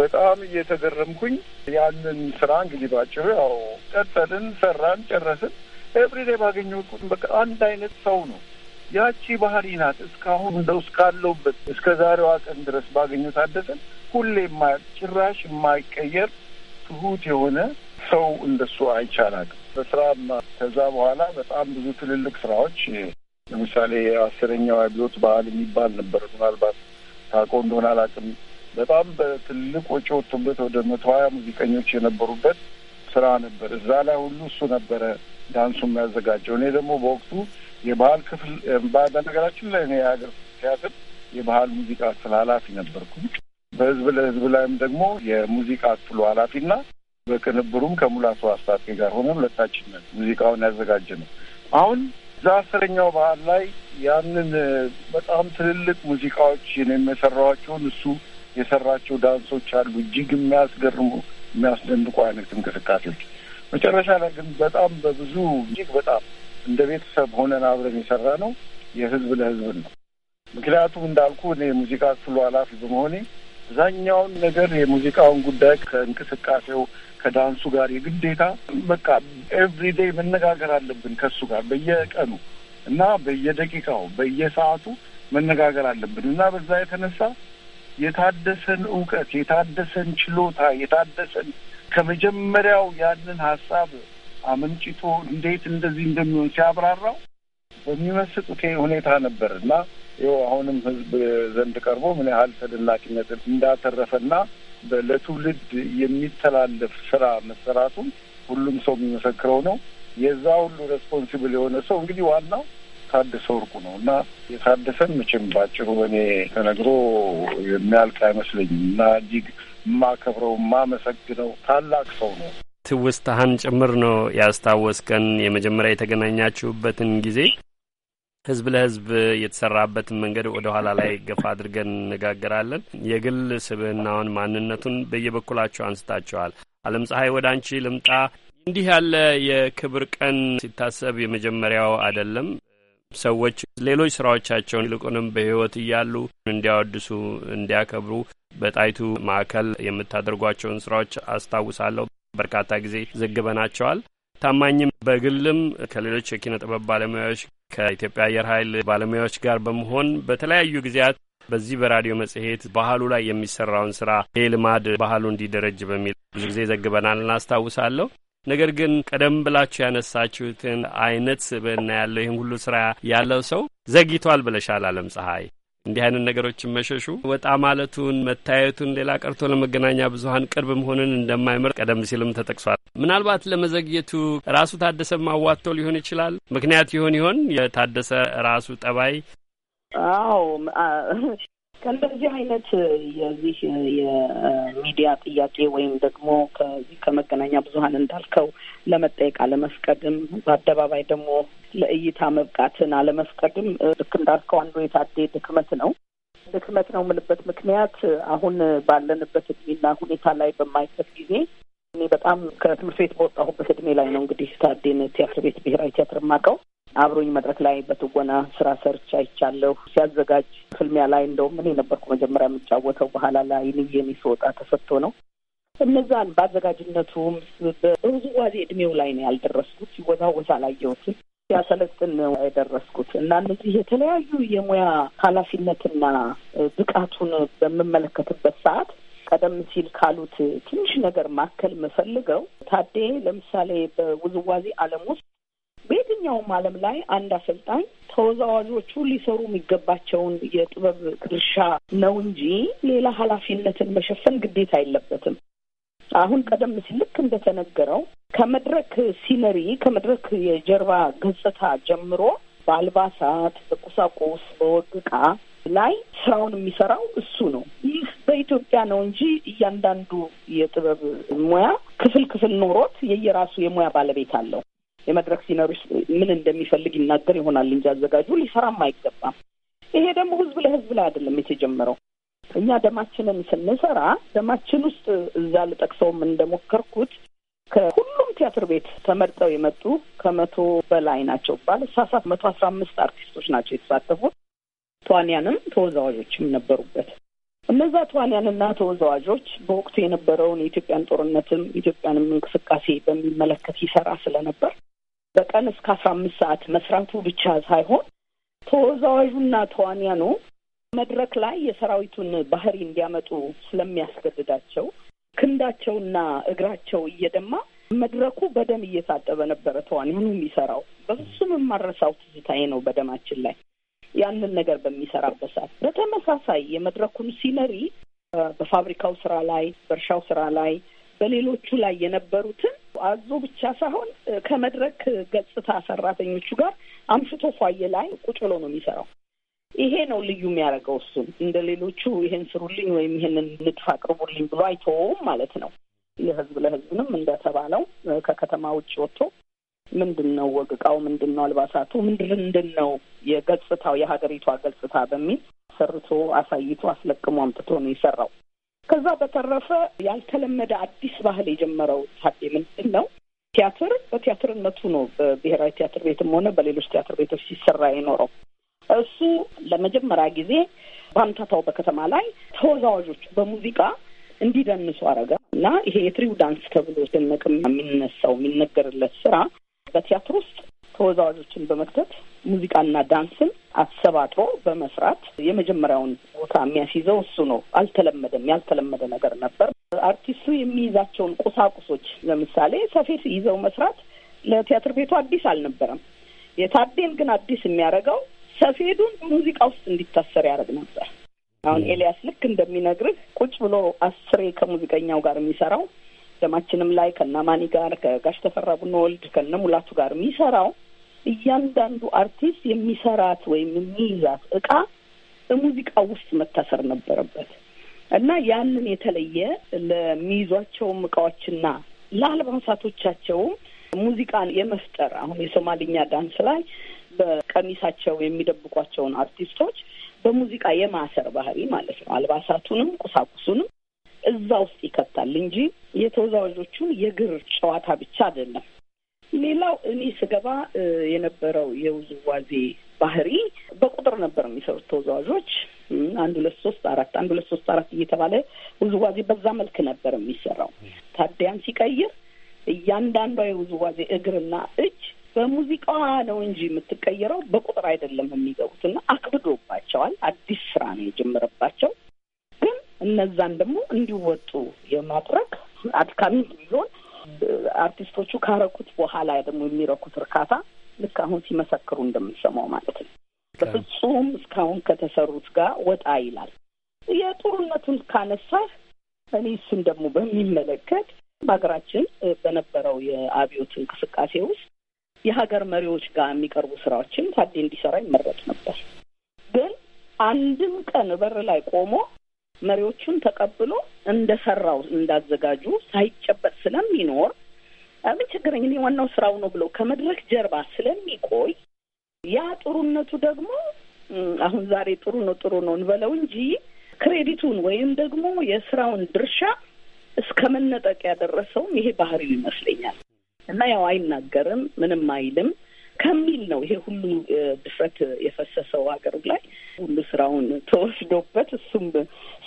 በጣም እየተገረምኩኝ ያንን ስራ እንግዲህ ባጭሩ ያው ቀጠልን፣ ሰራን፣ ጨረስን። ኤብሪዴ ባገኘው በቃ አንድ አይነት ሰው ነው። ያቺ ባህሪ ናት። እስካሁን እንደው እስካለሁበት እስከ ዛሬዋ ቀን ድረስ ባገኘው ታደሰን ሁሌ ጭራሽ የማይቀየር ትሁት የሆነ ሰው እንደሱ አይቻላል። በስራ ከዛ በኋላ በጣም ብዙ ትልልቅ ስራዎች ለምሳሌ አስረኛው አብዮት በዓል የሚባል ነበር። ምናልባት ታውቀው እንደሆነ አላውቅም። በጣም በትልቅ ወጪ ወጥቶበት ወደ መቶ ሀያ ሙዚቀኞች የነበሩበት ስራ ነበር። እዛ ላይ ሁሉ እሱ ነበረ ዳንሱ የሚያዘጋጀው። እኔ ደግሞ በወቅቱ የባህል ክፍል በነገራችን ላይ እኔ የሀገር ቲያትር የባህል ሙዚቃ ክፍል ኃላፊ ነበርኩ። በህዝብ ለህዝብ ላይም ደግሞ የሙዚቃ ክፍሉ ኃላፊና በቅንብሩም ከሙላቱ አስታጥቄ ጋር ሆነ ሁለታችን ሙዚቃውን ያዘጋጀ ነው። አሁን እዛ አስረኛው ባህል ላይ ያንን በጣም ትልልቅ ሙዚቃዎች የሰራኋቸውን እሱ የሰራቸው ዳንሶች አሉ። እጅግ የሚያስገርሙ የሚያስደንቁ አይነት እንቅስቃሴዎች። መጨረሻ ላይ ግን በጣም በብዙ እጅግ በጣም እንደ ቤተሰብ ሆነን አብረን የሰራ ነው የህዝብ ለህዝብ ነው። ምክንያቱም እንዳልኩ እኔ የሙዚቃ ክፍሉ ኃላፊ በመሆኔ አብዛኛውን ነገር የሙዚቃውን ጉዳይ ከእንቅስቃሴው ከዳንሱ ጋር የግዴታ በቃ ኤቭሪዴይ መነጋገር አለብን ከሱ ጋር በየቀኑ እና በየደቂቃው በየሰዓቱ መነጋገር አለብን እና በዛ የተነሳ የታደሰን እውቀት፣ የታደሰን ችሎታ፣ የታደሰን ከመጀመሪያው ያንን ሀሳብ አመንጭቶ እንዴት እንደዚህ እንደሚሆን ሲያብራራው በሚመስጥ ሁኔታ ነበር እና ይኸው አሁንም ህዝብ ዘንድ ቀርቦ ምን ያህል ተደናቂነት እንዳተረፈና ለትውልድ የሚተላለፍ ስራ መሰራቱን ሁሉም ሰው የሚመሰክረው ነው። የዛ ሁሉ ሬስፖንሲብል የሆነ ሰው እንግዲህ ዋናው ታደሰ ወርቁ ነው እና የታደሰን መቼም ባጭሩ እኔ ተነግሮ የሚያልቅ አይመስለኝም እና እጅግ የማከብረው የማመሰግነው ታላቅ ሰው ነው። ትውስታህን ጭምር ነው ያስታወስከን። የመጀመሪያ የተገናኛችሁበትን ጊዜ ህዝብ ለህዝብ የተሰራበትን መንገድ ወደ ኋላ ላይ ገፋ አድርገን እንነጋገራለን። የግል ስብህናውን ማንነቱን በየበኩላቸው አንስታቸዋል። አለም ፀሐይ ወደ አንቺ ልምጣ። እንዲህ ያለ የክብር ቀን ሲታሰብ የመጀመሪያው አይደለም። ሰዎች ሌሎች ስራዎቻቸውን ይልቁንም በህይወት እያሉ እንዲያወድሱ እንዲያከብሩ በጣይቱ ማዕከል የምታደርጓቸውን ስራዎች አስታውሳለሁ። በርካታ ጊዜ ዘግበናቸዋል። ታማኝም በግልም ከሌሎች የኪነ ጥበብ ባለሙያዎች ከኢትዮጵያ አየር ኃይል ባለሙያዎች ጋር በመሆን በተለያዩ ጊዜያት በዚህ በራዲዮ መጽሔት ባህሉ ላይ የሚሰራውን ስራ ይህ ልማድ ባህሉ እንዲደረጅ በሚል ብዙ ጊዜ ዘግበናል እናስታውሳለሁ። ነገር ግን ቀደም ብላችሁ ያነሳችሁትን አይነት ስብዕና ያለው ይህን ሁሉ ስራ ያለው ሰው ዘግይቷል ብለሻል አለም ፀሐይ። እንዲህ አይነት ነገሮችን መሸሹ ወጣ ማለቱን መታየቱን ሌላ ቀርቶ ለመገናኛ ብዙኃን ቅርብ መሆንን እንደማይመርጥ ቀደም ሲልም ተጠቅሷል። ምናልባት ለመዘግየቱ ራሱ ታደሰ ማዋቶ ሊሆን ይችላል ምክንያት ይሆን ይሆን የታደሰ ራሱ ጠባይ? አዎ ከእንደዚህ አይነት የዚህ የሚዲያ ጥያቄ ወይም ደግሞ ከዚህ ከመገናኛ ብዙኃን እንዳልከው ለመጠየቅ አለመፍቀድም በአደባባይ ደግሞ ለእይታ መብቃትን አለመፍቀድም ልክ እንዳልከው አንዱ የታዴ ድክመት ነው። ድክመት ነው የምልበት ምክንያት አሁን ባለንበት እድሜና ሁኔታ ላይ በማይበት ጊዜ እኔ በጣም ከትምህርት ቤት በወጣሁበት እድሜ ላይ ነው እንግዲህ ስታዴን ቲያትር ቤት ብሔራዊ ቲያትር የማውቀው። አብሮኝ መድረክ ላይ በትወና ስራ ሰርች አይቻለሁ። ሲያዘጋጅ ፍልሚያ ላይ እንደውም እኔ ነበርኩ መጀመሪያ የምጫወተው፣ በኋላ ላይ ንየኔ ስወጣ ተሰጥቶ ነው። እነዛን በአዘጋጅነቱም በውዝዋዜ እድሜው ላይ ነው ያልደረስኩት። ሲወዛወዝ አላየሁትም ሲያሰለጥን ነው የደረስኩት እና እነዚህ የተለያዩ የሙያ ኃላፊነትና ብቃቱን በምመለከትበት ሰዓት ቀደም ሲል ካሉት ትንሽ ነገር ማከል የምፈልገው ታዴ ለምሳሌ በውዝዋዜ ዓለም ውስጥ በየትኛውም ዓለም ላይ አንድ አሰልጣኝ ተወዛዋዦቹ ሊሰሩ የሚገባቸውን የጥበብ ድርሻ ነው እንጂ ሌላ ኃላፊነትን መሸፈን ግዴታ የለበትም። አሁን ቀደም ሲል ልክ እንደተነገረው ከመድረክ ሲነሪ ከመድረክ የጀርባ ገጽታ ጀምሮ በአልባሳት፣ በቁሳቁስ፣ በወግ ዕቃ ላይ ስራውን የሚሰራው እሱ ነው። ይህ በኢትዮጵያ ነው እንጂ እያንዳንዱ የጥበብ ሙያ ክፍል ክፍል ኖሮት የየራሱ የሙያ ባለቤት አለው። የመድረክ ሲነሪስ ምን እንደሚፈልግ ይናገር ይሆናል እንጂ አዘጋጁ ሊሰራም አይገባም። ይሄ ደግሞ ህዝብ ለህዝብ ላይ አይደለም የተጀመረው። እኛ ደማችንን ስንሰራ ደማችን ውስጥ እዛ ልጠቅሰውም እንደሞከርኩት ከሁሉም ቲያትር ቤት ተመርጠው የመጡ ከመቶ በላይ ናቸው። ሳሳት መቶ አስራ አምስት አርቲስቶች ናቸው የተሳተፉት። ተዋንያንም ተወዛዋዦችም ነበሩበት። እነዛ ተዋንያንና ተወዛዋዦች በወቅቱ የነበረውን የኢትዮጵያን ጦርነትም ኢትዮጵያንም እንቅስቃሴ በሚመለከት ይሰራ ስለነበር በቀን እስከ አስራ አምስት ሰዓት መስራቱ ብቻ ሳይሆን ተወዛዋዡና ተዋንያኑ መድረክ ላይ የሰራዊቱን ባህሪ እንዲያመጡ ስለሚያስገድዳቸው ክንዳቸውና እግራቸው እየደማ መድረኩ በደም እየታጠበ ነበረ ተዋንያኑ የሚሰራው። በፍጹም የማረሳው ትዝታዬ ነው። በደማችን ላይ ያንን ነገር በሚሰራበት ሰዓት በተመሳሳይ የመድረኩን ሲነሪ በፋብሪካው ስራ ላይ በእርሻው ስራ ላይ በሌሎቹ ላይ የነበሩትን አዞ ብቻ ሳይሆን ከመድረክ ገጽታ ሰራተኞቹ ጋር አምሽቶ ፏየ ላይ ቁጭ ብሎ ነው የሚሰራው። ይሄ ነው ልዩ የሚያደርገው። እሱን እንደ ሌሎቹ ይሄን ስሩልኝ ወይም ይሄንን ንድፍ አቅርቡልኝ ብሎ አይተወውም ማለት ነው። የህዝብ ለህዝብንም እንደተባለው ከከተማ ውጭ ወጥቶ ምንድን ነው ወግ እቃው ምንድን ነው አልባሳቱ ምንድን ነው የገጽታው የሀገሪቷ ገጽታ በሚል ሰርቶ አሳይቶ አስለቅሞ አምጥቶ ነው የሰራው። ከዛ በተረፈ ያልተለመደ አዲስ ባህል የጀመረው ታዴ ምንድን ነው ቲያትር በቲያትርነቱ ነው። በብሔራዊ ቲያትር ቤትም ሆነ በሌሎች ቲያትር ቤቶች ሲሰራ የኖረው እሱ ለመጀመሪያ ጊዜ በአምታታው በከተማ ላይ ተወዛዋዦች በሙዚቃ እንዲደንሱ አረገ እና ይሄ የትሪው ዳንስ ተብሎ ደነቅም የሚነሳው የሚነገርለት ስራ በቲያትር ውስጥ ተወዛዋዦችን በመክተት ሙዚቃና ዳንስን አሰባጥሮ በመስራት የመጀመሪያውን ቦታ የሚያስይዘው እሱ ነው። አልተለመደም፣ ያልተለመደ ነገር ነበር። አርቲስቱ የሚይዛቸውን ቁሳቁሶች ለምሳሌ ሰፌድ ይዘው መስራት ለቲያትር ቤቱ አዲስ አልነበረም። የታዴን ግን አዲስ የሚያደርገው ሰፌዱን ሙዚቃ ውስጥ እንዲታሰር ያደርግ ነበር። አሁን ኤልያስ ልክ እንደሚነግርህ ቁጭ ብሎ አስሬ ከሙዚቀኛው ጋር የሚሰራው ደማችንም ላይ ከነማኒ ጋር ከጋሽ ተፈራ ቡነወልድ ከነ ሙላቱ ጋር የሚሰራው እያንዳንዱ አርቲስት የሚሰራት ወይም የሚይዛት እቃ በሙዚቃ ውስጥ መታሰር ነበረበት እና ያንን የተለየ ለሚይዟቸውም እቃዎችና ለአልባሳቶቻቸውም ሙዚቃን የመፍጠር አሁን የሶማሊኛ ዳንስ ላይ በቀሚሳቸው የሚደብቋቸውን አርቲስቶች በሙዚቃ የማሰር ባህሪ ማለት ነው። አልባሳቱንም ቁሳቁሱንም እዛ ውስጥ ይከታል እንጂ የተወዛዋዦቹን የእግር ጨዋታ ብቻ አይደለም። ሌላው እኔ ስገባ የነበረው የውዝዋዜ ባህሪ በቁጥር ነበር የሚሰሩት ተወዛዋዦች። አንድ ሁለት ሶስት አራት አንድ ሁለት ሶስት አራት እየተባለ ውዝዋዜ በዛ መልክ ነበር የሚሰራው። ታዲያን ሲቀይር እያንዳንዷ የውዝዋዜ እግርና እጅ በሙዚቃዋ ነው እንጂ የምትቀይረው በቁጥር አይደለም የሚገቡት እና አክብዶባቸዋል። አዲስ ስራ ነው የጀመረባቸው። እነዛን ደግሞ እንዲወጡ የማድረግ አድካሚ ቢሆን አርቲስቶቹ ካረኩት በኋላ ደግሞ የሚረኩት እርካታ ልክ አሁን ሲመሰክሩ እንደምንሰማው ማለት ነው። በፍጹም እስካሁን ከተሰሩት ጋር ወጣ ይላል። የጦርነቱን ካነሳ እኔ እሱን ደግሞ በሚመለከት በሀገራችን በነበረው የአብዮት እንቅስቃሴ ውስጥ የሀገር መሪዎች ጋር የሚቀርቡ ስራዎችን ታዴ እንዲሰራ ይመረጥ ነበር። ግን አንድም ቀን በር ላይ ቆሞ መሪዎቹን ተቀብሎ እንደሰራው እንዳዘጋጁ ሳይጨበጥ ስለሚኖር ምን ችግረኝ እኔ ዋናው ስራው ነው ብለው ከመድረክ ጀርባ ስለሚቆይ ያ ጥሩነቱ ደግሞ አሁን ዛሬ ጥሩ ነው ጥሩ ነው እንበለው እንጂ ክሬዲቱን ወይም ደግሞ የስራውን ድርሻ እስከ መነጠቅ ያደረሰውም ይሄ ባህሪው ይመስለኛል። እና ያው አይናገርም፣ ምንም አይልም። ከሚል ነው ይሄ ሁሉ ድፍረት የፈሰሰው ሀገር ላይ ሁሉ ስራውን ተወስዶበት እሱም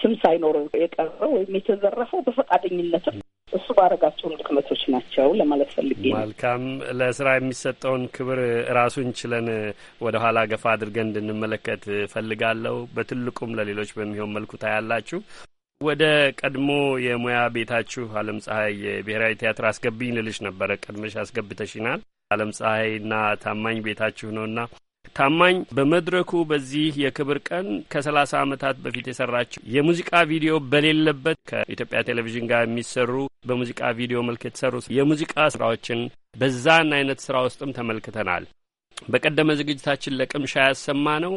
ስም ሳይኖረው የቀረው ወይም የተዘረፈው በፈቃደኝነትም እሱ ባረጋቸውን ድክመቶች ናቸው ለማለት ፈልጌ መልካም ለስራ የሚሰጠውን ክብር ራሱን ችለን ወደ ኋላ ገፋ አድርገን እንድንመለከት ፈልጋለሁ። በትልቁም ለሌሎች በሚሆን መልኩ ታያላችሁ። ወደ ቀድሞ የሙያ ቤታችሁ አለም ፀሐይ የብሔራዊ ቲያትር አስገብኝ ልልሽ ነበረ። ቀድመሽ አስገብተሽናል። አለም ፀሐይና ታማኝ ቤታችሁ ነውና ታማኝ በመድረኩ በዚህ የክብር ቀን ከሰላሳ ዓመታት በፊት የሰራችው የሙዚቃ ቪዲዮ በሌለበት ከኢትዮጵያ ቴሌቪዥን ጋር የሚሰሩ በሙዚቃ ቪዲዮ መልክ የተሰሩ የሙዚቃ ስራዎችን በዛን አይነት ስራ ውስጥም ተመልክተናል። በቀደመ ዝግጅታችን ለቅምሻ ያሰማ ነው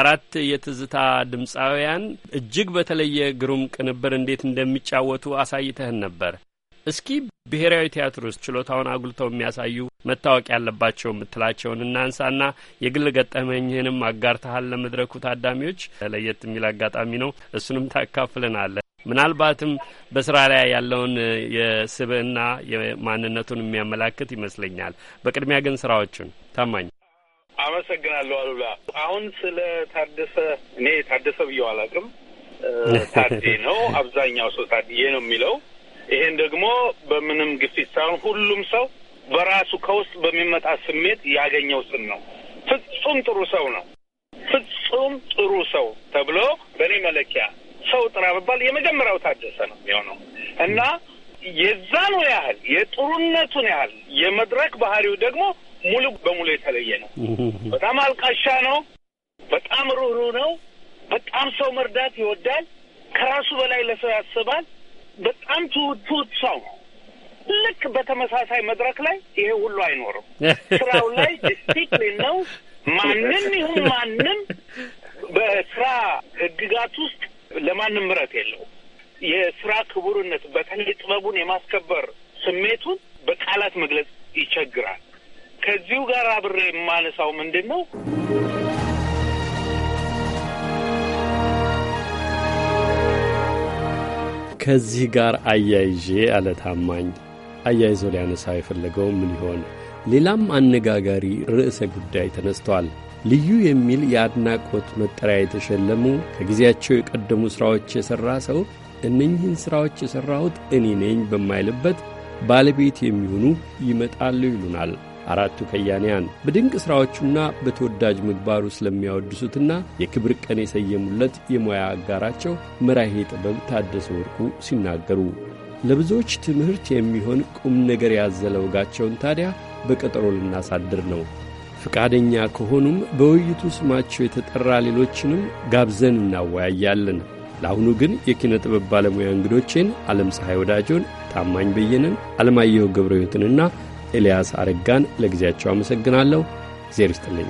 አራት የትዝታ ድምፃውያን እጅግ በተለየ ግሩም ቅንብር እንዴት እንደሚጫወቱ አሳይተህን ነበር። እስኪ ብሔራዊ ቲያትር ውስጥ ችሎታውን አጉልተው የሚያሳዩ መታወቅ ያለባቸው የምትላቸውን እናንሳና የግል ገጠመኝህንም አጋርተሃል ለመድረኩ ታዳሚዎች። ለየት የሚል አጋጣሚ ነው። እሱንም ታካፍልናለህ። ምናልባትም በስራ ላይ ያለውን የስብዕና የማንነቱን የሚያመላክት ይመስለኛል። በቅድሚያ ግን ስራዎቹን ታማኝ አመሰግናለሁ። አሉላ አሁን ስለ ታደሰ እኔ ታደሰ ብዬው አላውቅም። ታዴ ነው አብዛኛው ሰው ታዴ ነው የሚለው ይሄን ደግሞ በምንም ግፊት ሳይሆን ሁሉም ሰው በራሱ ከውስጥ በሚመጣ ስሜት ያገኘው ስም ነው። ፍጹም ጥሩ ሰው ነው። ፍጹም ጥሩ ሰው ተብሎ በእኔ መለኪያ ሰው ጥራ ብባል የመጀመሪያው ታደሰ ነው የሚሆነው እና የዛኑ ያህል የጥሩነቱን ያህል የመድረክ ባህሪው ደግሞ ሙሉ በሙሉ የተለየ ነው። በጣም አልቃሻ ነው። በጣም ሩህሩህ ነው። በጣም ሰው መርዳት ይወዳል። ከራሱ በላይ ለሰው ያስባል። በጣም ትሁት ትሁት ሰው ልክ በተመሳሳይ መድረክ ላይ ይሄ ሁሉ አይኖርም። ስራው ላይ ዲስፕሊን ነው። ማንም ይሁን ማንም በስራ ህግጋት ውስጥ ለማንም ምረት የለው። የስራ ክቡርነት በተለይ ጥበቡን የማስከበር ስሜቱን በቃላት መግለጽ ይቸግራል። ከዚሁ ጋር አብሬ የማነሳው ምንድን ነው ከዚህ ጋር አያይዤ አለ ታማኝ። አያይዞ ሊያነሳ የፈለገው ምን ይሆን? ሌላም አነጋጋሪ ርዕሰ ጉዳይ ተነስቷል። ልዩ የሚል የአድናቆት መጠሪያ የተሸለሙ ከጊዜያቸው የቀደሙ ሥራዎች የሠራ ሰው እነኝህን ሥራዎች የሠራሁት እኔ ነኝ በማይልበት ባለቤት የሚሆኑ ይመጣሉ ይሉናል። አራቱ ከያንያን በድንቅ ሥራዎቹና በተወዳጅ ምግባሩ ስለሚያወድሱትና የክብር ቀን የሰየሙለት የሙያ አጋራቸው መራሄ ጥበብ ታደሰ ወርቁ ሲናገሩ ለብዙዎች ትምህርት የሚሆን ቁም ነገር ያዘለ ወጋቸውን ታዲያ በቀጠሮ ልናሳድር ነው። ፈቃደኛ ከሆኑም በውይይቱ ስማቸው የተጠራ ሌሎችንም ጋብዘን እናወያያለን። ለአሁኑ ግን የኪነ ጥበብ ባለሙያ እንግዶቼን ዓለም ፀሐይ ወዳጆን፣ ታማኝ በየነን፣ ዓለማየሁ ገብረ ሕይወትንና ኤልያስ አረጋን ለጊዜያቸው አመሰግናለሁ። እግዜር ይስጥልኝ።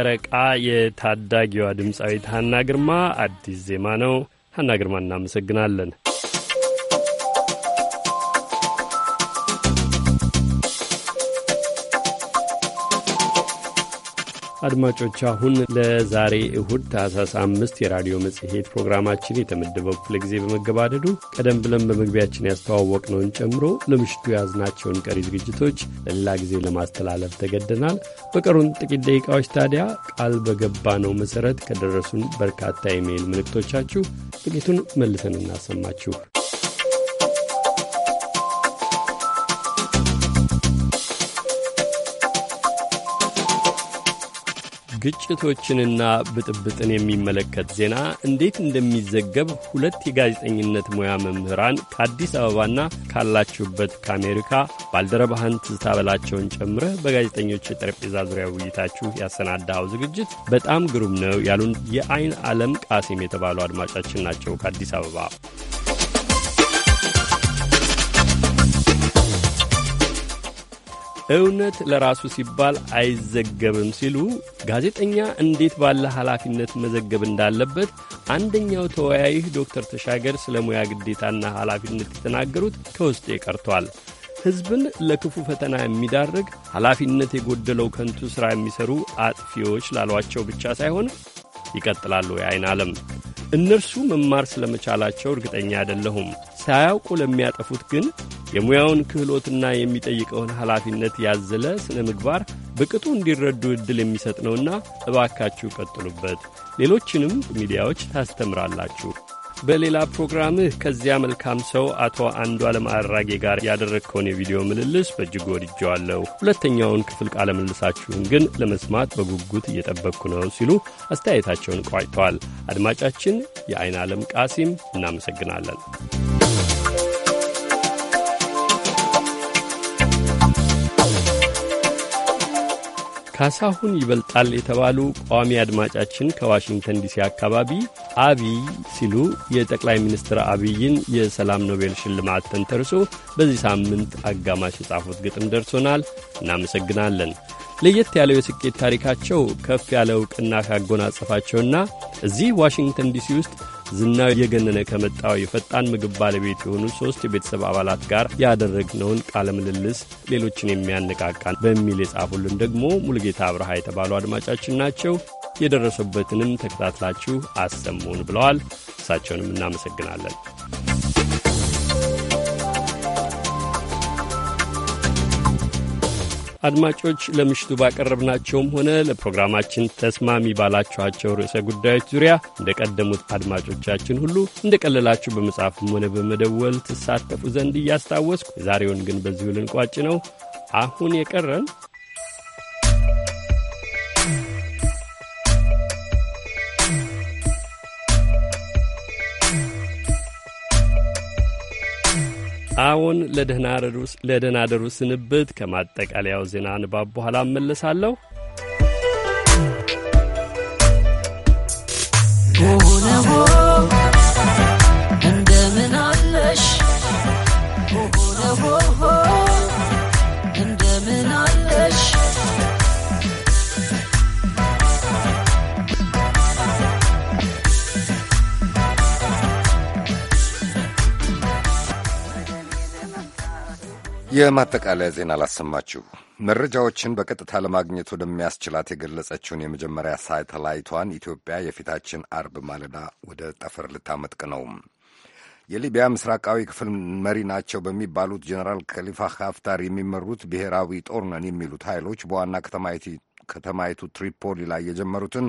ጨረቃ የታዳጊዋ ድምፃዊት ሀና ግርማ አዲስ ዜማ ነው። ሀና ግርማ እናመሰግናለን። አድማጮች አሁን ለዛሬ እሁድ ታህሳስ አምስት የራዲዮ መጽሔት ፕሮግራማችን የተመደበው ክፍለ ጊዜ በመገባደዱ ቀደም ብለን በመግቢያችን ያስተዋወቅነውን ጨምሮ ለምሽቱ የያዝናቸውን ቀሪ ዝግጅቶች ለሌላ ጊዜ ለማስተላለፍ ተገደናል። በቀሩን ጥቂት ደቂቃዎች ታዲያ ቃል በገባነው መሠረት ከደረሱን በርካታ ኢሜይል ምልክቶቻችሁ ጥቂቱን መልሰን እናሰማችሁ። ግጭቶችንና ብጥብጥን የሚመለከት ዜና እንዴት እንደሚዘገብ ሁለት የጋዜጠኝነት ሙያ መምህራን ከአዲስ አበባና ካላችሁበት ከአሜሪካ ባልደረባህን ትዝታ በላቸውን ጨምረህ በጋዜጠኞች የጠረጴዛ ዙሪያ ውይይታችሁ ያሰናዳኸው ዝግጅት በጣም ግሩም ነው ያሉን የአይን ዓለም ቃሴም የተባሉ አድማጫችን ናቸው ከአዲስ አበባ። እውነት ለራሱ ሲባል አይዘገብም ሲሉ ጋዜጠኛ እንዴት ባለ ኃላፊነት መዘገብ እንዳለበት አንደኛው ተወያይህ ዶክተር ተሻገር ስለ ሙያ ግዴታና ኃላፊነት የተናገሩት ከውስጤ ቀርቷል። ሕዝብን ለክፉ ፈተና የሚዳርግ ኃላፊነት የጎደለው ከንቱ ሥራ የሚሠሩ አጥፊዎች ላሏቸው ብቻ ሳይሆን ይቀጥላሉ የአይን ዓለም እነርሱ መማር ስለመቻላቸው እርግጠኛ አይደለሁም። ሳያውቁ ለሚያጠፉት ግን የሙያውን ክህሎትና የሚጠይቀውን ኃላፊነት ያዘለ ስነ ምግባር በቅጡ እንዲረዱ ዕድል የሚሰጥ ነውና እባካችሁ ቀጥሉበት። ሌሎችንም ሚዲያዎች ታስተምራላችሁ። በሌላ ፕሮግራምህ ከዚያ መልካም ሰው አቶ አንዱ ዓለም አራጌ ጋር ያደረግከውን የቪዲዮ ምልልስ በእጅጉ ወድጀዋለሁ። ሁለተኛውን ክፍል ቃለ ምልልሳችሁን ግን ለመስማት በጉጉት እየጠበቅኩ ነው ሲሉ አስተያየታቸውን ቋጭተዋል። አድማጫችን የአይን ዓለም ቃሲም እናመሰግናለን። ካሳሁን ይበልጣል የተባሉ ቋሚ አድማጫችን ከዋሽንግተን ዲሲ አካባቢ አብይ ሲሉ የጠቅላይ ሚኒስትር አብይን የሰላም ኖቤል ሽልማት ተንተርሶ በዚህ ሳምንት አጋማሽ የጻፉት ግጥም ደርሶናል። እናመሰግናለን። ለየት ያለው የስኬት ታሪካቸው ከፍ ያለ እውቅና ካጎናጸፋቸውና እዚህ ዋሽንግተን ዲሲ ውስጥ ዝናው የገነነ ከመጣው የፈጣን ምግብ ባለቤት የሆኑ ሶስት የቤተሰብ አባላት ጋር ያደረግነውን ቃለ ምልልስ ሌሎችን የሚያነቃቃ በሚል የጻፉልን ደግሞ ሙሉጌታ አብርሃ የተባሉ አድማጫችን ናቸው። የደረሱበትንም ተከታትላችሁ አሰሙን ብለዋል። እሳቸውንም እናመሰግናለን። አድማጮች ለምሽቱ ባቀረብናቸውም ሆነ ለፕሮግራማችን ተስማሚ ባላችኋቸው ርዕሰ ጉዳዮች ዙሪያ እንደ ቀደሙት አድማጮቻችን ሁሉ ቀለላችሁ በመጻፍም ሆነ በመደወል ትሳተፉ ዘንድ እያስታወስኩ ዛሬውን ግን በዚሁ ልንቋጭ ነው። አሁን የቀረን አሁን ለደህናደሩ ስንብት ከማጠቃለያው ዜና ንባብ በኋላ እመለሳለሁ። Oh, የማጠቃለያ ዜና አላሰማችሁ። መረጃዎችን በቀጥታ ለማግኘት ወደሚያስችላት የገለጸችውን የመጀመሪያ ሳተላይቷን ኢትዮጵያ የፊታችን አርብ ማለዳ ወደ ጠፈር ልታመጥቅ ነው። የሊቢያ ምስራቃዊ ክፍል መሪ ናቸው በሚባሉት ጀኔራል ከሊፋ ሀፍታር የሚመሩት ብሔራዊ ጦርነን የሚሉት ኃይሎች በዋና ከተማይቱ ከተማይቱ ትሪፖሊ ላይ የጀመሩትን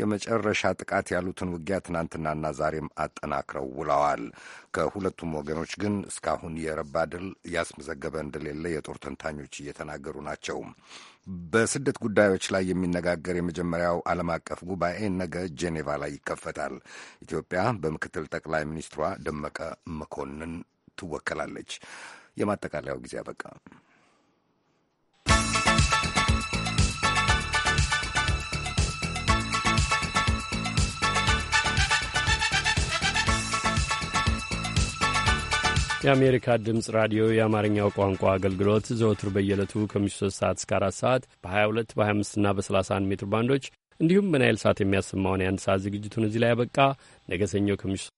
የመጨረሻ ጥቃት ያሉትን ውጊያ ትናንትናና ዛሬም አጠናክረው ውለዋል። ከሁለቱም ወገኖች ግን እስካሁን የረባ ድል ያስመዘገበ እንደሌለ የጦር ተንታኞች እየተናገሩ ናቸው። በስደት ጉዳዮች ላይ የሚነጋገር የመጀመሪያው ዓለም አቀፍ ጉባኤ ነገ ጄኔቫ ላይ ይከፈታል። ኢትዮጵያ በምክትል ጠቅላይ ሚኒስትሯ ደመቀ መኮንን ትወከላለች። የማጠቃለያው ጊዜ አበቃ። የአሜሪካ ድምፅ ራዲዮ የአማርኛው ቋንቋ አገልግሎት ዘወትር በየዕለቱ ከምሽቱ 3 ሰዓት እስከ 4 ሰዓት በ22 በ25 እና በ31 ሜትር ባንዶች እንዲሁም በናይል ሰዓት የሚያሰማውን የአንድ ሰዓት ዝግጅቱን እዚህ ላይ ያበቃ። ነገ ሰኞ ከምሽቱ